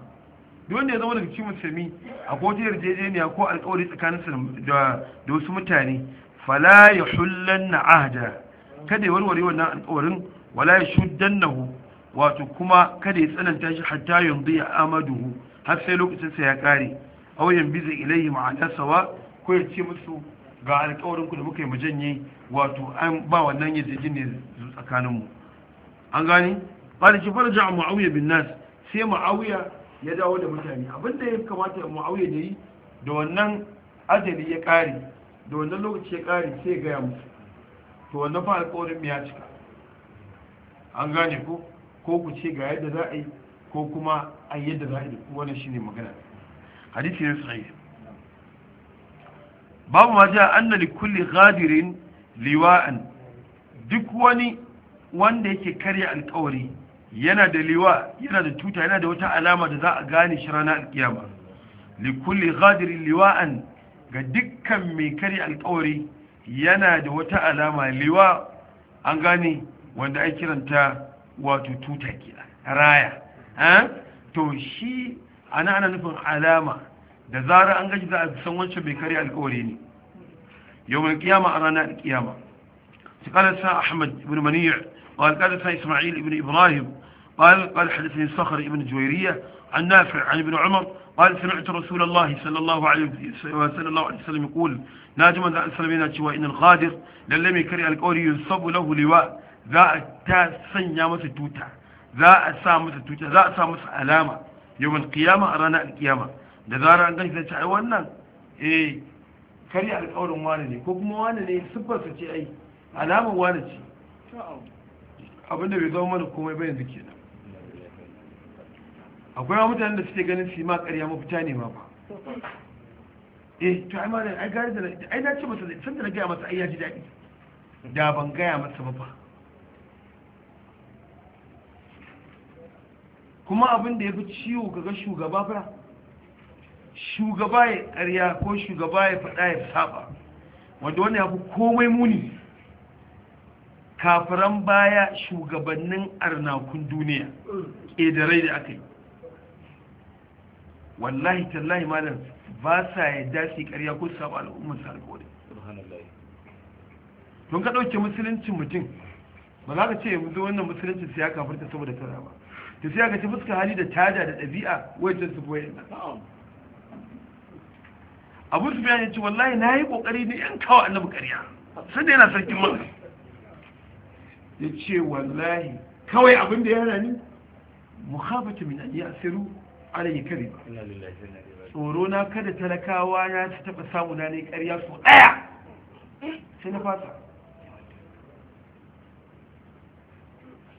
duk wanda ya zama daga cikin musulmi a kotu jejeniya ko alƙawari tsakanin da wasu mutane fala ya hullan na ahada kada ya warware wannan alƙawarin wala ya shuddan na hu wato kuma kada ya tsananta shi hatta yanzu ya amadu hu har sai lokacinsa ya kare auyen biza ilaihi ma'ana sawa ko ya ce musu ga alƙawarin ku da muka yi mu yi wato an ba wannan yadda ne tsakaninmu an gani ce fara ja'a ma'auya bin nas sai ma'auya ya dawo da mutane abinda ya kamata ma'auya da yi da wannan ajali ya ƙare, da wannan lokaci ya ƙare sai ya gaya musu to wannan fa alƙawarin ya cika an gane ko ko ku ce ga yadda za a yi ko kuma a yadda za a yi wannan shine magana hadisi ne sahihi babu ma ji anna li kulli ghadirin liwa'an duk wani wanda yake karya alkawari yana da liwa yana da tuta yana da wata alama da za a gane shi ranar alkiyama li kulli ghadirin liwa'an ga dukkan mai karya alkawari yana da wata alama liwa an gane wanda ake kiranta wato tuta kila raya eh? to shi ana ana nufin alama da zara an gaji za a san wancan mai kare alkawari ne yau mai kiyama a ranar kiyama su kala sa ahmad ibn maniyar wa ismail ibn ibrahim wa alkada hadisai sakhar ibn juwairiyya an nafi an ibn umar wa alfinu'ita rasulallah sallallahu alaihi wasallam ya kuli na ji manzan alisalam yana cewa inal ghadir lalle mai kare alkawari yun sabu lahu liwa za a ta sanya masa tuta za a sa masa tuta za a sa masa alama yau mai kiyama a ranar kiyama da zara an ganshi zai ce ai wannan eh kari alƙawarin wani ne ko kuma wani ne siffarsa ce ai alamar wani ce abinda bai zama mana komai bayan zuke nan akwai mutane da suke ganin su ma ƙarya mafita ne ma ba eh to ai ma da ai gari da ai na ce masa da sanda na gaya masa ai ya ji daɗi da ban gaya masa ba ba kuma abin da ya fi ciwo ga shugaba fara shugaba ya karya ko shugaba ya fada ya saba wanda wani abu komai muni kafiran baya shugabannin arnakun duniya ƙedarai da aka yi wallahi tallahi malam ba sa yadda su karya ko saba al'ummar sa alƙawari don ka ɗauke musuluncin mutum ba za ka ce yanzu wannan musuluncin sai ya kafirta saboda kaza ba ta sai ka ci fuska hali da tada da ɗabi'a wajen su boye na abu su ya ce wallahi na yi kokari ne yan kawo annabi ƙarya sun da yana sarkin maka ya ce wallahi kawai abin da ya rani mai min an yasiru alayi kare tsoro na kada talakawa na ta taba samu na ne ƙarya su ɗaya sai na fasa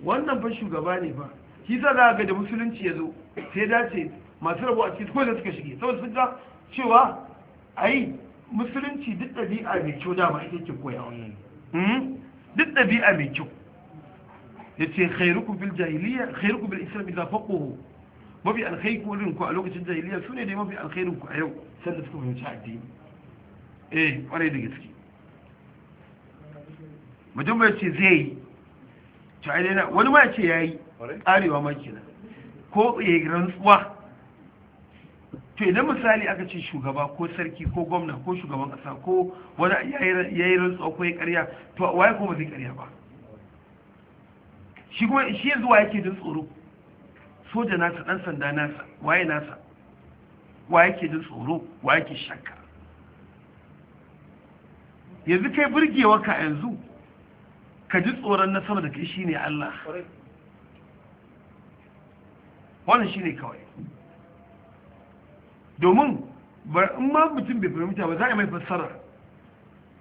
wannan ba shugaba ne ba shi za a ga da musulunci ya zo sai dace masu rabu a cikin kawai da suka shige saboda sun ga cewa ai musulunci duk ɗabi'a mai kyau dama ita ke koya mm. hmm? duk ɗabi'a mai kyau ya ce khairuku bil jahiliya khairuku bil islam idza faqahu mafi alkhairu ku a lokacin jahiliya sune ne mafi alkhairin ku a yau sanda suka fahimci addini eh kwarai da gaske mutum ba ce zai yi to ai wani ma ya ce yayi karewa ma kenan ko ya yi rantsuwa to idan misali aka ce shugaba ko sarki ko gwamna ko shugaban kasa ko wani ya yi rantsuwa ko ya karya to waye kuma zai karya ba shi kuma shi yanzu waye ke jin tsoro soja nasa dan sanda nasa waye nasa waye ke jin tsoro waye ke shakka yanzu kai burgewa ka yanzu ka ji tsoron na sama da kai shine Allah wannan shine kawai domin in ma mutum bai fahimta ba za a mai fassara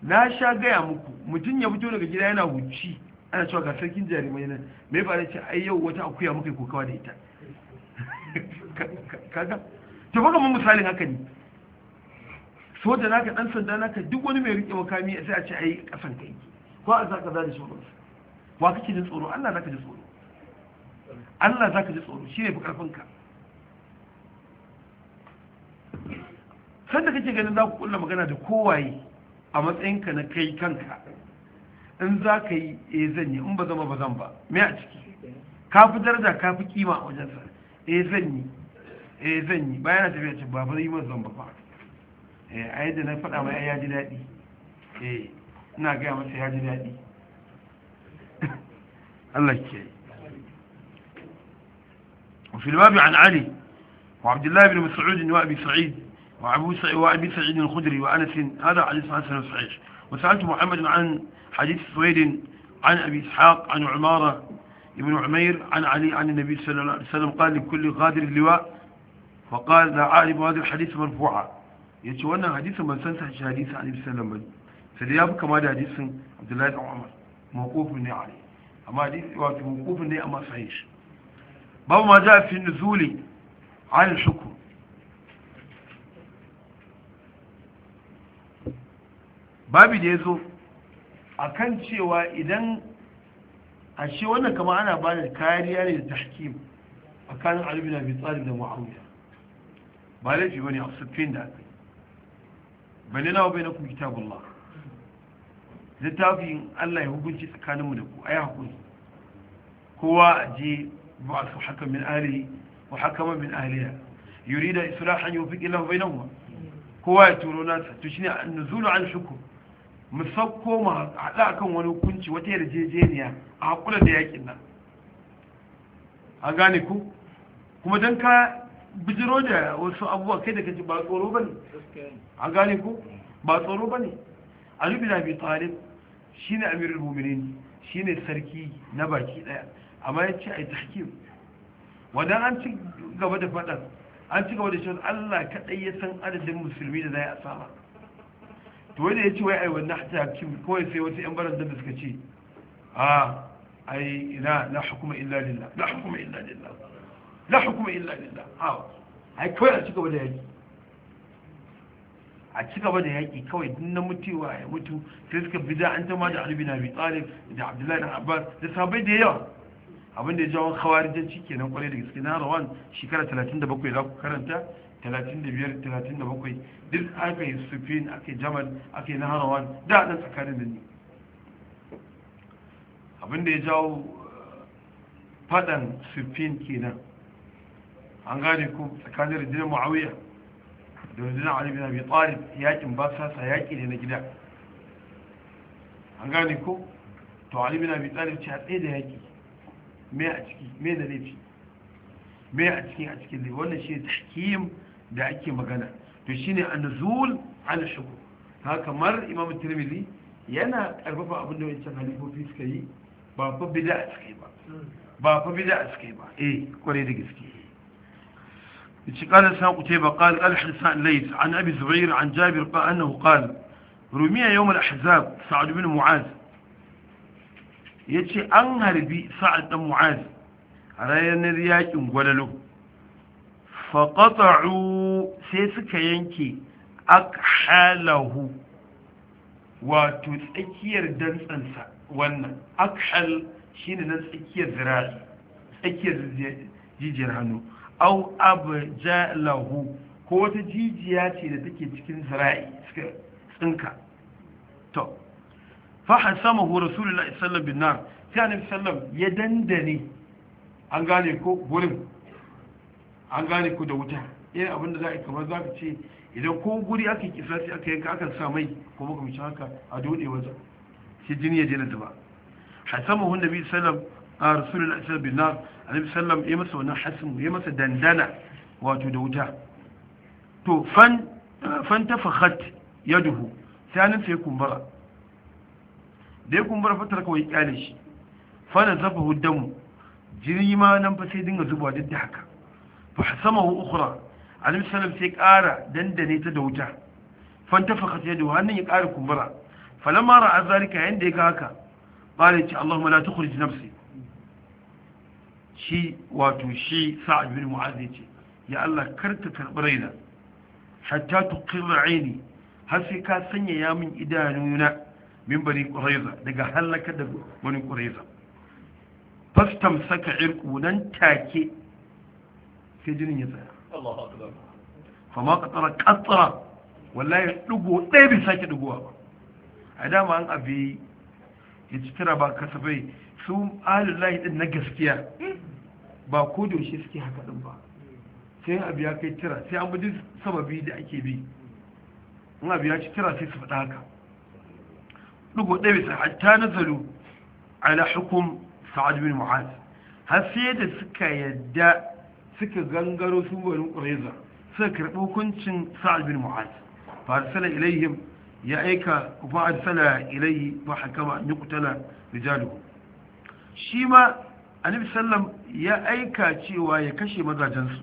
na sha gaya muku mutum ya fito daga gida yana huci ana cewa ga sarkin jarumai nan mai fara ce ai yau wata akuya muka yi kokawa da ita kaga to faka mun misalin haka ne so da naka dan sanda naka duk wani mai rike makami sai a ce ai kasan kai ko a zaka za da shi wa kake jin tsoro Allah zaka ji tsoro Allah zaka ji tsoro shine ne karfin ka sanda kake ganin za ku kulla magana da kowaye a matsayinka na kai kanka in za ka yi e zan yi in ba zama ba zan ba me a ciki ka fi daraja ka fi kima a wajensa e zan yi e zan yi bayan na tafiya ce ba ba yi mazan zan ba ba a yadda na faɗa mai ya ji daɗi e ina gaya masa ya ji daɗi Allah ke وفي الباب عن علي وعبد الله بن مسعود وأبي سعيد وأبي سعيد الخدري وأنس هذا حديث حسن صحيح وسألت محمد عن حديث سويد عن أبي إسحاق عن عمارة ابن عمير عن علي عن النبي صلى الله عليه وسلم قال لكل غادر اللواء فقال لا أعلم هذا الحديث مرفوعا يتولى حديث من سنسح حديث عن النبي صلى الله عليه وسلم كما هذا حديث عبد الله بن عمر موقوف مني يعني. علي أما حديث موقوف مني يعني أما صحيح باب ما جاء في النزول عن الحكم babi da ya zo a kan cewa idan a shi wannan kama ana ba da kariya ne da tahkim a kanin albina bai tsari da ma'auya ba laifi wani a siffin da aka yi bane na bai na kuma kitabullah littafin allah ya hukunci tsakaninmu da ku a yi hakuri kowa a je ba su haka min ari muhakkama min ahliya yurida islahan yufiqi lahu bainahuma kowa ya turo nasa to shine an-nuzulu an shukr mu sauko mu haɗa akan wani hukunci wata yarjejeniya a hakura da yakin na, an gane ku kuma don ka bijiro da wasu abubuwa kai da kaji ba tsoro ba ne an gane ku ba tsoro ba ne ali bin abi talib shine amirul mu'minin shine sarki na baki daya amma ya ce ai tahkim wadan an ci gaba da faɗar an ci gaba da shi Allah kaɗai ya san adadin musulmi da za a asara to wanda ya ce wai ai wannan hata kawai sai wata yan baran da suka ce a ai ina la hukuma illa lillah la hukuma illa lillah la hukuma illa lillah ha ai kawai a ci gaba da yaki a ci gaba da yaki kawai din na mutuwa ya mutu sai suka da an tama da Ali bin Abi Talib da Abdullahi bin Abbas da sabai da yawa abin da ya jawo kawarijanci kenan kwarai da gaske na rawan shekara 37 za ku karanta 35 37 duk aka yi sufin aka yi jamal aka yi na harawan da nan tsakanin da ne abin da ya jawo eh, fadan sufin kenan an gane ku tsakanin rijina muawiya da rijina alibi na biyu yakin ba sasa yaki ne na gida an gane ku to alibi na biyu ce a tsaye da yaki me a ciki me da laifi me a cikin a cikin laifi wannan shi tahkim da ake magana to shine an-nuzul ala shukr ha kamar imam tirmidhi yana karfafa abin da wancan halifofi suka yi ba fa bid'a suka ba ba fa bid'a suka ba eh kware da gaske قال سان قتيبة قال قال حسان ليث عن أبي زبير عن جابر قال أنه قال رمي يوم الأحزاب سعد بن معاذ ya ce an harbi sa'ad ɗan mu'az a ranar yakin gwalalo faƙatsa'u sai suka yanke akhalahu wato tsakiyar dantsansa wannan akhal shi ne na tsakiyar zirari tsakiyar jijiyar hannu au abjalahu ko wata jijiya ce da take cikin zira'i suka tsinka to fahasamahu rasulullahi sallallahu bin nar sai annabi sallam ya dandane an gane ko gurin an gane ko da wuta irin abin da za a kamar za ka ce idan ko guri aka kisa sai aka yanka aka sa mai ko makamcin haka a dode wajen shi jini ya je na zuba hasamahu nabi sallam a rasulullahi sallallahu bin nar annabi sallam ya masa wannan hasamu ya masa dandana wato da wuta to fan fan tafakhat yaduhu sai annabi sai kumbara da ya kumbura fatar kawai kyale shi fana zafa huddamu jirgi ma nan fa sai dinga zubawa duk da haka fa hasamahu ukhra alim salam sai kara dandane ta da wuta fantafa sai da hannun ya kara kumbura falamma ra'a zalika yanda ya ga haka qala ya Allahumma la tukhrij nafsi shi wato shi sa'ad bin mu'adh ce ya Allah karka karbi raina hatta tuqirra aini har sai ka sanya ya min na. min bani ƙuraiza daga halaka da bani ƙuraiza fastam saka irku nan take sai jinin ya tsaya fama katsara katsara wallahi ɗigo ɗaya bai sake ɗigowa ba a dama an abi ya ci tara ba kasafai su alillahi ɗin na gaskiya ba ko yaushe suke haka din ba sai abu ya kai tira sai an bi sababi da ake bi in abu ya ci tira sai su faɗa haka dubu ɗaya hatta nazalu ala hukum sa'ad bin mu'az har sai da suka yadda suka gangaro su bani ƙureza suka karɓi hukuncin sa'ad bin mu'az fa arsala ilayhim ya aika fa arsala ilayhi fa hakama an shi ma annabi sallam ya aika cewa ya kashe mazajensu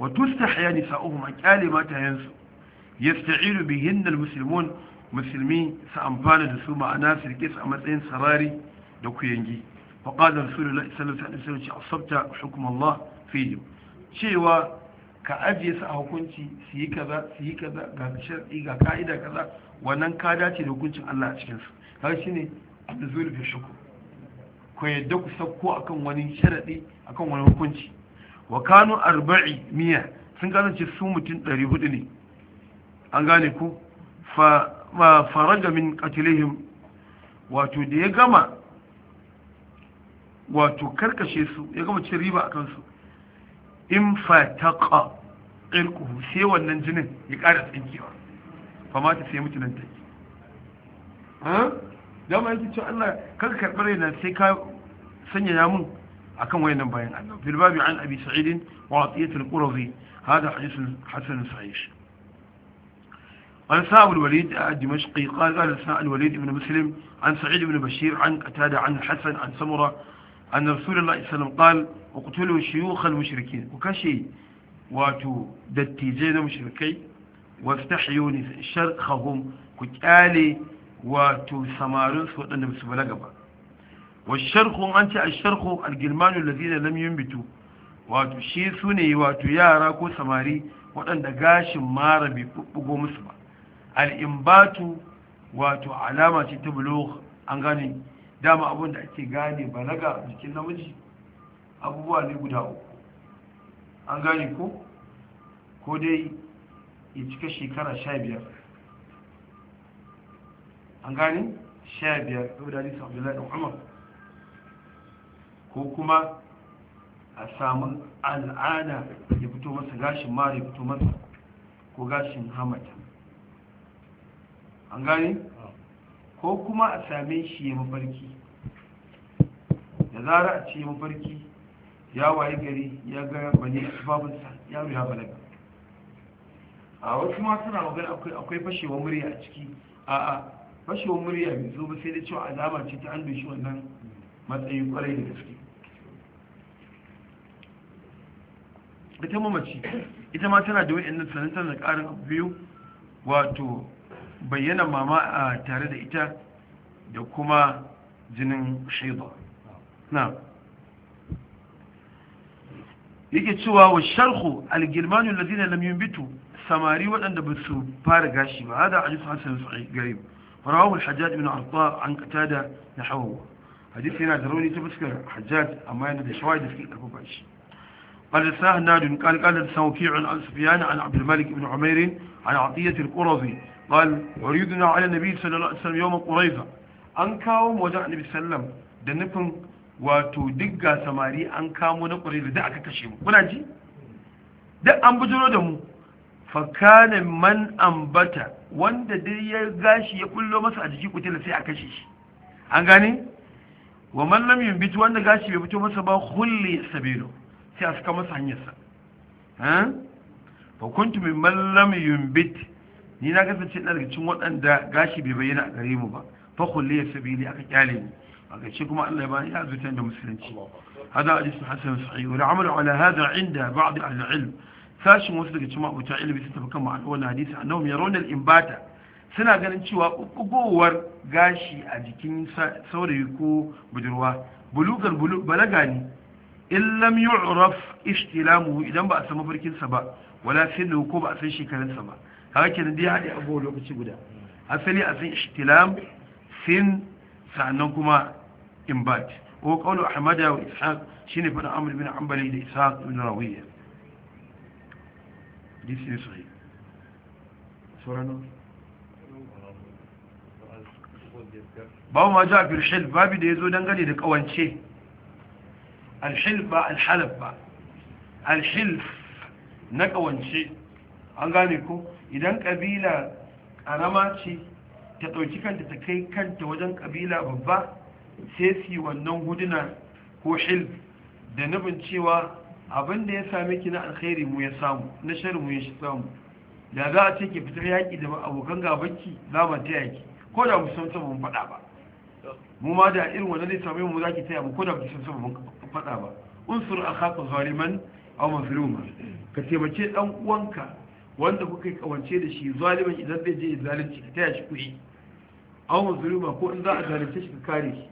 wa tustahya nisa'uhum an kyale matayensu yasta'ilu bihinna Musulmun. musulmi su amfana da su ma'ana su rike su a matsayin sarari da kuyangi wa qala rasulullahi sallallahu alaihi wasallam ci asabta hukm Allah fihi cewa ka ajiye su a hukunci su yi kaza su yi kaza ga sharri ga ka'ida kaza wannan ka dace da hukuncin Allah a cikin su kaga shine abdul fi shukr ko yadda ku sauko akan wani sharadi akan wani hukunci wa kanu arba'i miya sun kasance su mutum 400 ne an gane ku fa faraja min katilihim wato da ya gama wato karkashe su ya gama cin riba a kansu in fataka ƙirƙuhu sai wannan jinin ya ƙara tsinkewa fama ta sai mutunan take dama yake cewa Allah kar karɓar yana sai ka sanya ya a kan wayannan bayan Allah bilbabi an abi sa'idin wa atiyatul qurazi hada hadithun hasan sahih عن سعد الوليد الدمشقي قال قال سعد الوليد بن مسلم عن سعيد بن بشير عن قتادة عن الحسن عن سمرة أن رسول الله صلى الله عليه وسلم قال اقتلوا شيوخ المشركين وكشي واتو دتيجين مشركي وافتحيوا شرقهم كتالي واتو سمارنس وأن بسبلغبا والشرق أنت الشرق الجلمان الذين لم ينبتوا واتو شيسوني واتو يارا كو سماري وأن دقاش مارا بيبقوا مسبا al'imbatu wato alama ce ta bulog an gane dama abin da ake gane balaga jikin namiji abubuwa ne guda uku an gane ko ko dai ya cika shekara sha biyar an gane sha biyar saboda nisa abdullahi ɗan umar ko kuma a samu al'ada ya fito masa gashin mara ya fito masa ko gashin hamata an gane ko kuma a same shi ya mafarki da zara a ce mafarki ya waye gari ya ga bane asbabinsa ya ya balaga a wasu ma suna magana akwai fashewar murya a ciki a a fashewar murya mai zo ba sai da cewa alama ce ta an shi wannan matsayin kwarai da gaske ita mamaci ita ma tana da wa'in nan tana da karin abu biyu wato bayyana mama a tare da ita da kuma jinin shaida na yake cewa wa sharhu algirmanu ladina lam yunbitu samari waɗanda ba su fara gashi ba hada hadith hasan sahih garib rawahu al-hajjaj ibn arta an qatada nahwu hadith yana da rauni ta fuskar hajjaj amma yana da shawai da suke ba shi قال سهناد قال قال سوكيع عن سفيان عن عبد الملك بن عمير عن عطية القرظي قال وردنا على النبي صلى الله عليه وسلم يوم an kawo wajen annabi da nufin wato digga samari an kamo na ƙwarai da aka kashe mu kuna ji duk an bujiro da mu fakanin man ambata wanda dai ya gashi ya kullo masa a jiki kutila a kashe shi an gane wa man yumbit wanda gashi bai fito masa ba hulli sabilo sai a saka masa hanyarsa ha fa kuntu min man yumbit ni na kasance ɗan daga cikin waɗanda gashi bai bayyana a gare mu ba fa kulli sabili aka kyale ni a gaishe kuma Allah ya bani ya zuta da musulunci hada hadisi hasan sahih wal amalu ala hada inda ba'd ahli ilm sashin wasu daga cikin mabuta ilimi sun tafi kan ma'anar wannan hadisi annahum yarawna al-imbata suna ganin cewa bubbugowar gashi a jikin saurayi ko budurwa bulugar balaga ne in lam yu'raf ishtilamuhu idan ba a san mafarkinsa ba wala sinu ko ba a san shekarunsa ba haka da ya haɗe abubuwa lokaci guda asali a sun ishtilam sin sa'annan kuma imbat ko kaulu ahmada wa ishaq shi ne faɗin amr bin ambali da ishaq bin rawiya this is sahih sorano bawo ma ja fil hilf babi da yazo dangane da kawance al ba alhalaf ba al na kawance an gane ko idan kabila karama ce ta ɗauki kanta ta kai kanta wajen kabila babba sai su wannan huduna ko shil da nufin cewa abin da ya same ki na alkhairi mu ya samu na shirin mu ya samu da za a ce ki fitar yaƙi da abokan gabanki za mu taya ki ko da mu san mun faɗa ba mu ma da irin wannan zai same mu za ki taya mu ko da mu san mun faɗa ba unsur akhaka zaliman aw mazluma ka taimake dan uwanka wanda kuka kawance da shi zaliman idan zai je ya zalunci ka taya shi kuɗi aw mazluma ko in za a zalunce shi ka kare shi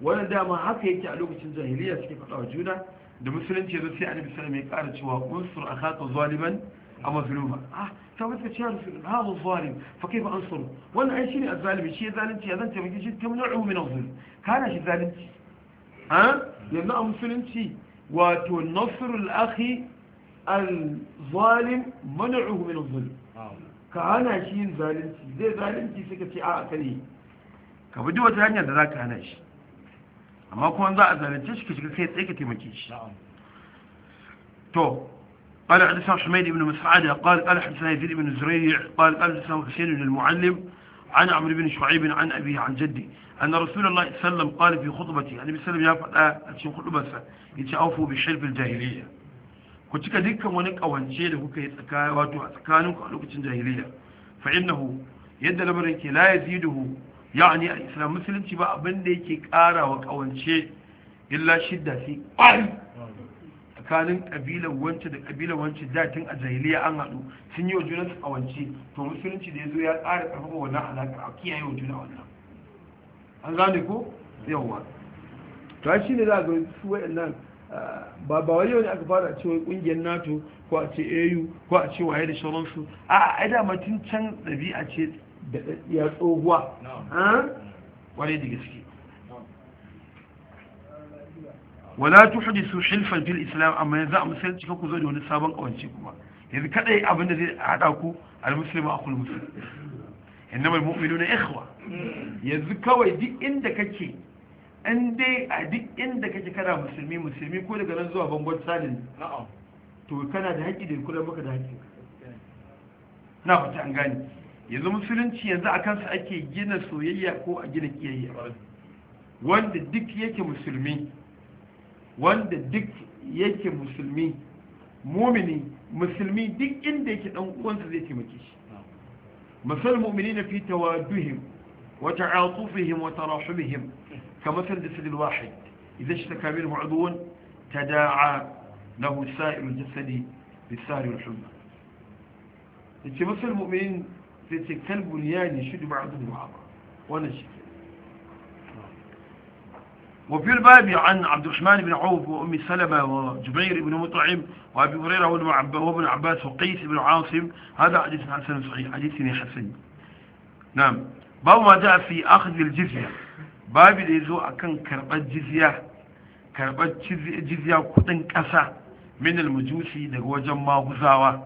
wannan dama haka yake a lokacin jahiliya suke faɗa wa juna da musulunci zo sai annabi sallallahu alaihi wasallam ya ƙara cewa unsur akhaka zaliman a mazluma ah ta wata ce rasul hadu zalim fa kaifa ansur wannan ai shine azzalimi shi zalunci ya zan taimake shi tamnu'u min az-zulm kana shi zalunci ha ah, yanzu a musulunci wato nasrul akhi الظالم منعه من الظلم نعم. كان شيء ظالم زي ظالم zai zalunci suka ce a kare ka bi wata hanyar da za ka hana shi amma kuma za a zalunce shi ka shiga kai tsaye ka قال حدثنا حميد بن مسعد قال قال حدثنا يزيد بن زريع قال قال حدثنا حسين بن المعلم عن عمرو بن شعيب عن أبيه عن جدي أن رسول الله صلى الله عليه وسلم قال في خطبته النبي يعني صلى الله عليه وسلم يا فتاة أتشن خطبته يتعوفوا بالشرب الجاهلية ku cika dukkan wani kawance da kuka yi tsakaya wato a tsakaninku a lokacin jahiliya fa innahu yadda lamarin ke la yaziduhu ya'ani a islam musulunci ba abin da yake karawa kawance illa shidda sai ƙwari tsakanin kabilar wance da kabilar wance tun a jahiliya an haɗu sun yi wa juna su kawance to musulunci da ya zo ya ƙara ƙarfafa wannan alaƙa, a kiyaye wa juna wannan an gane ko yawwa to shi ne za a ga su waɗannan ba ba wai ne aka fara cewa kungiyar nato ko a ce au ko a ce waye da sauransu a ai da mutun can ce da ya tsohuwa wale da gaske wala tuhdisu hilfan fil islam amma yanzu a musulunci ku zo da wani sabon kawance kuma yanzu kadai abin da zai hada ku al muslimu akul muslim innamal mu'minuna ikhwa hmm. yanzu kawai duk inda kake in dai a duk inda kake kana musulmi musulmi ko daga nan zuwa bangon salin to kana da haƙƙi da kula maka da haƙƙi na fata an gane yanzu musulunci yanzu a kansa ake gina soyayya ko a gina kiyayya wanda duk yake musulmi wanda duk yake musulmi mumini musulmi duk inda yake dan uwansa zai taimake shi masal mu'minina fi tawadduhim wa ta'atufihim wa tarahumihim كمثل جسد الواحد إذا اشتكى منه عضو تداعى له سائر الجسد بالسهر والحمى انت مثل المؤمنين في كلب ياني شد بعضهم بعضا وانا وفي الباب عن عبد الرحمن بن عوف وأم سلمة وجبير بن مطعم وأبي هريرة وابن عباس وقيس بن عاصم هذا حديث حسن صحيح حديث حسن نعم باب ما جاء في أخذ الجزية babu da ya zo a kan karɓar jizya karɓar jizya kuɗin ƙasa minal mujusi daga wajen maguzawa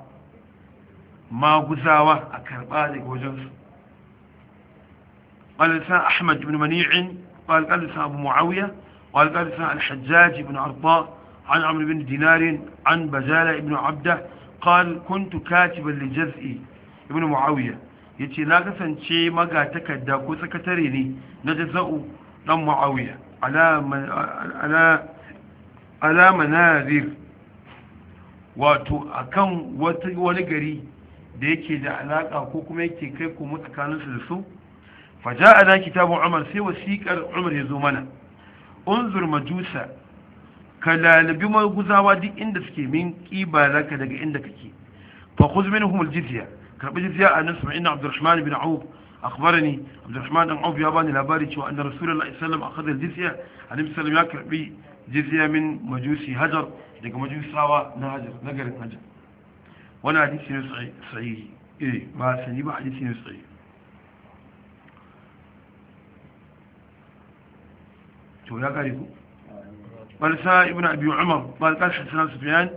maguzawa a karɓa daga wajensu قال لسان أحمد بن منيع قال قال لسان أبو معاوية قال قال لسان الحجاج بن عرضاء عن عمرو بن دينار عن بزالة بن عبده قال كنت كاتبا لجزئي ابن معاوية ya ce na kasance magatakarda ko sakatare ne na jaza'u dan ma'awiya alama nazir wato akan wani gari da yake da alaƙa ko kuma yake kai kuma tsakaninsu da su faja ana kitabun umar sai wasiƙar umar ya zo mana unzur majusa ka lalabi maguzawa duk inda suke min ƙiba daga inda kake fa khuz minhum aljizya كان بجد زياء أن إن عبد الرحمن بن عوب أخبرني عبد الرحمن بن عوب ياباني الأبارج وأن رسول الله صلى الله عليه وسلم أخذ الجزية عليه وسلم يأكل بي جزية من مجوسي هجر لك مجوسي سوا نهجر نقر نهجر وانا حديثي نسعي سعيه إيه ما سنجيب حديثي نسعي شو يا قريبو قال ابن أبي عمر قال قال حسنا سبيان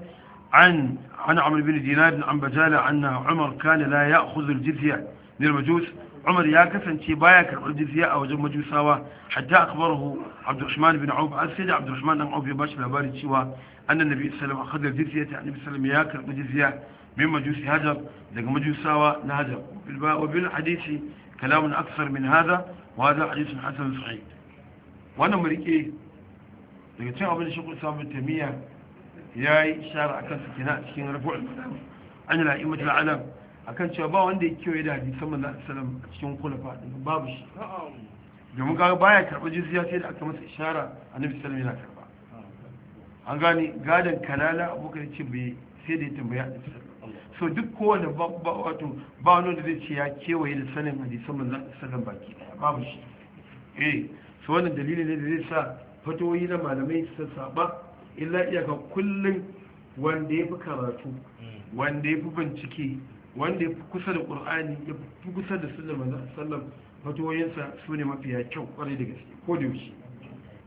عن عن عمرو بن دينار عن بجالة أن عمر كان لا يأخذ الجزية من المجوس عمر يا كسن بايا الجزية أو جم مجوساوا حتى أخبره عبد الرحمن بن عوف السيد عبد الرحمن بن عوف يباش باري شوا أن النبي صلى الله عليه وسلم أخذ الجزية يعني النبي صلى الله عليه وسلم يا الجزية من مجوس هجر لك مجوساوا نهجر وبالحديث كلام أكثر من هذا وهذا حديث حسن صحيح وأنا مريكي لكن تعب أن شكر صاحب تيمية ya yi ishara a kansu kina a cikin rafu al-madami an yi la'immat al'alam a kan cewa ba wanda ya kewaye da hadisan manzo sallam a cikin kulafa din babu shi domin kaga baya karba jizya sai da aka masa ishara a annabi sallam yana karɓa. an gane gadon kanala abokan ce bai sai da ya tambaya annabi sallam so duk kowane babba wato ba wani da zai ce ya kewaye da sanin hadisan manzo sallam baki babu shi eh so wannan dalili ne da zai sa fatoyi na malamai su saba illa iyaka kullum wanda ya fi karatu mm. wanda ya fi bincike wanda ya fi kusa da ƙur'ani ya fi kusa da sunan manzan sallam fatoyinsa su ne mafiya kyau kwarai da gaske ko da yaushe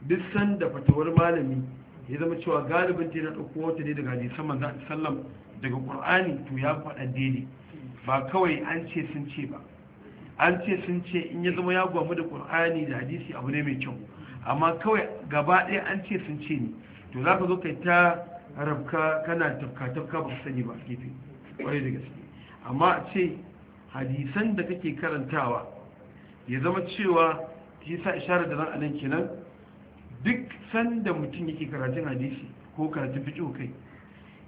duk da fatawar malami ya zama cewa galibin ta yana ɗauko wata ne daga hadisan manzan sallam daga ƙur'ani to ya faɗa daidai ba kawai an ce sun ce ba an ce sun ce in ya zama ya gwamu da ƙur'ani da hadisi abu ne mai kyau amma kawai gaba ɗaya an ce sun ce ne to za ka zo kai ta rabka kana tafka-tafka ba sani ba gefe kwarai da gaske amma a ce hadisan da kake karantawa ya zama cewa sa isharar da nan a nan kenan duk sanda mutum yake karatun hadisi ko karatun fiƙo kai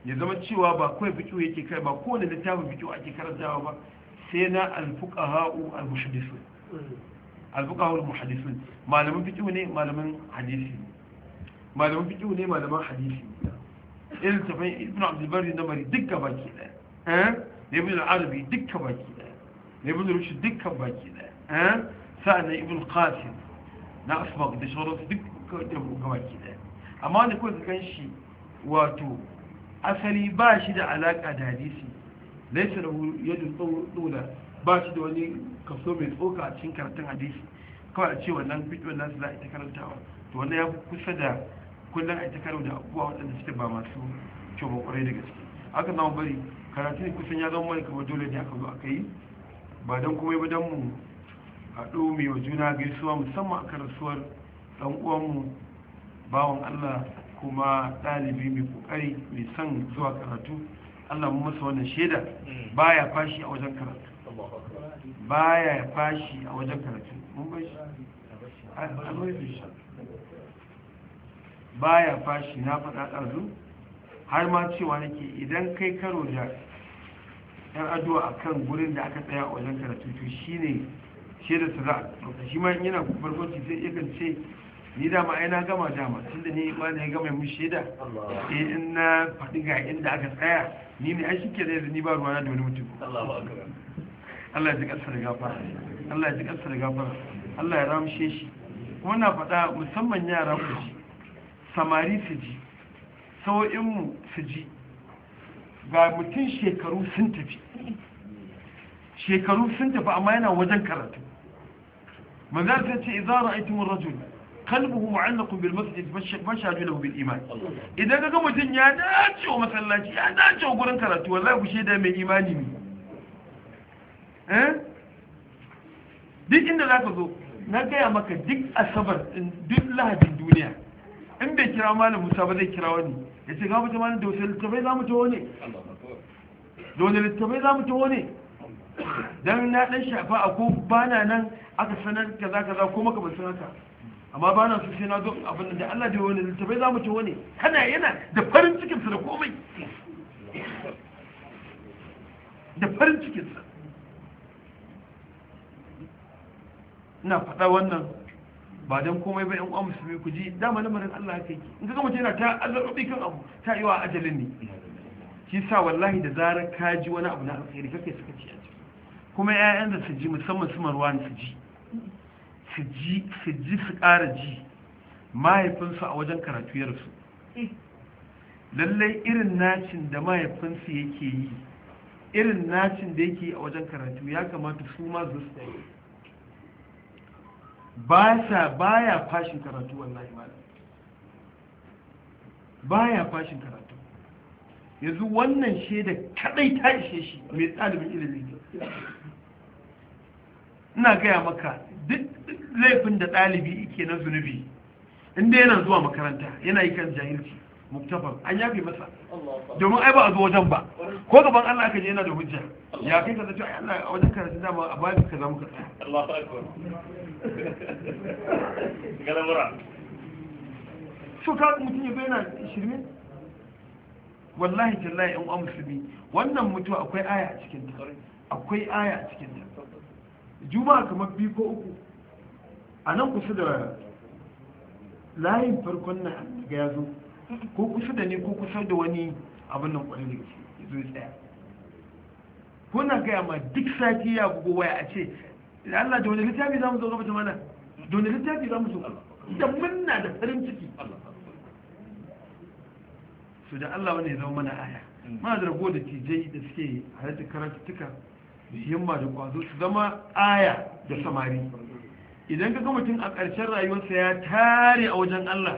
ya zama cewa ba kawai fiƙo yake kai ba kowane littafin fiƙo ake karantawa ba sai na alfuqaha'u al-muhaddisun mm. alfuqaha'u al-muhaddisun malamin fiƙo ne malamin hadisi ne malaman fiqh ne malaman hadisi irin tafai ibn abdul bari na mari dukkan baki daya eh ibn al-arabi dukkan baki daya ibn rushd dukkan baki daya eh sa'an ibn qasim na asbaq da shawarar dukkan baki daya amma da kuka kan shi wato asali ba shi da alaka da hadisi laisa da yadda tsoda ba shi da wani kaso mai tsoka a cikin karatun hadisi kawai a ce wannan fitowar nasu za a ita karantawa to wannan ya kusa da kullum a ta karo da abubuwa waɗanda suke ba masu kyau ba kwarai da gaske haka zama bari karatu ne kusan ya zama wani kamar dole ne aka zo aka yi ba don kuma ba don mu haɗu mai wa juna gaisuwa musamman akan rasuwar ɗan uwanmu bawan allah kuma ɗalibi mai ƙoƙari mai son zuwa karatu allah mu masa wannan shaida mm. baya fashi a wajen karatu baya fashi a wajen karatu mun bai shi baya fashi na faɗa ɗazu har ma cewa nake idan kai karo da yan addu'a kan gurin da aka tsaya a wajen karatu to shi ne shi da su ɗauka shi ma yana barkwanci sai iya ce ni dama ai na gama dama da ni ma ne gama mu shaida eh in na faɗi ga inda aka tsaya ni ne ai shike da ni ba ruwa na da wani mutum Allah ya ji ƙasa da gafara Allah ya ji da gafara Allah ya ramshe shi na faɗa musamman yara ku samari su ji sau'inmu su ji ga mutum shekaru sun tafi shekaru sun tafi amma yana wajen karatu manzar ta ce izara aitimin rajul kalbuhu mu'allaqun bil masjid mashaju lahu bil iman idan ga mutum ya dace wa masallaci ya dace wa gurin karatu wallahi ku sheda mai imani ne eh duk inda zaka zo na gaya maka duk asabar duk lahadin duniya in bai kira malam musa ba zai kira wani ya ce ga mutum malam da littafai za mu ta wani da wani littafai za mu ta wani don na ɗan shafa a ko bana nan aka sanar kaza kaza ko maka ban san haka amma bana su sai na zo abin da Allah da wani littafai za mu ta wani kana yana da farin cikinsa da komai da farin cikinsa ina faɗa wannan ba don komai ba yan uwa musulmi ku ji dama lamarin Allah yi. in ka mutum yana ta azarbi kan abu ta yi wa ajalin ne ki sa wallahi da zarar ka ji wani abu na alkhairi kake suka ci a kuma ƴaƴan da su ji musamman su marwan su ji su ji su ji su ƙara ji mahaifinsu a wajen karatu ya rasu lallai irin nacin da mahaifinsu yake yi irin nacin da yake yi a wajen karatu ya kamata su ma su ba sa baya fashin karatu wallahi malam baya fashin karatu yanzu wannan shaida kadai ta ishe shi mai ɗalibin ilimi ina gaya maka duk laifin da ɗalibi ke na zunubi inda yana zuwa makaranta yana yi kan jahilci muktabar an yafe masa domin ai ba a zo wajen ba ko gaban Allah aka je yana da hujja ya kai ka zace ai Allah a wajen karatu dama a bayan ka za mu ka tsaya Allahu akbar galamura so ka mutum ya bayyana shirme wallahi tallahi in uwa musulmi wannan mutuwa akwai aya a cikin ta akwai aya a cikin ta juma'a kamar biyu ko uku a nan kusa da layin farkon nan ga ya zo ko kusa da ni ko kusa da wani abin nan kwanin da ke zuwa tsaya ko na gaya ma duk sati ya bugo waya a ce da Allah da wani littafi za mu zo gabata mana da wani littafi za mu zo da munna da farin ciki su da Allah wani ya zama mana aya ma da rago da tijai da suke halatta karatuttuka da himma da kwazo su zama aya da samari idan ka ga mutum a ƙarshen rayuwarsa ya tare a wajen Allah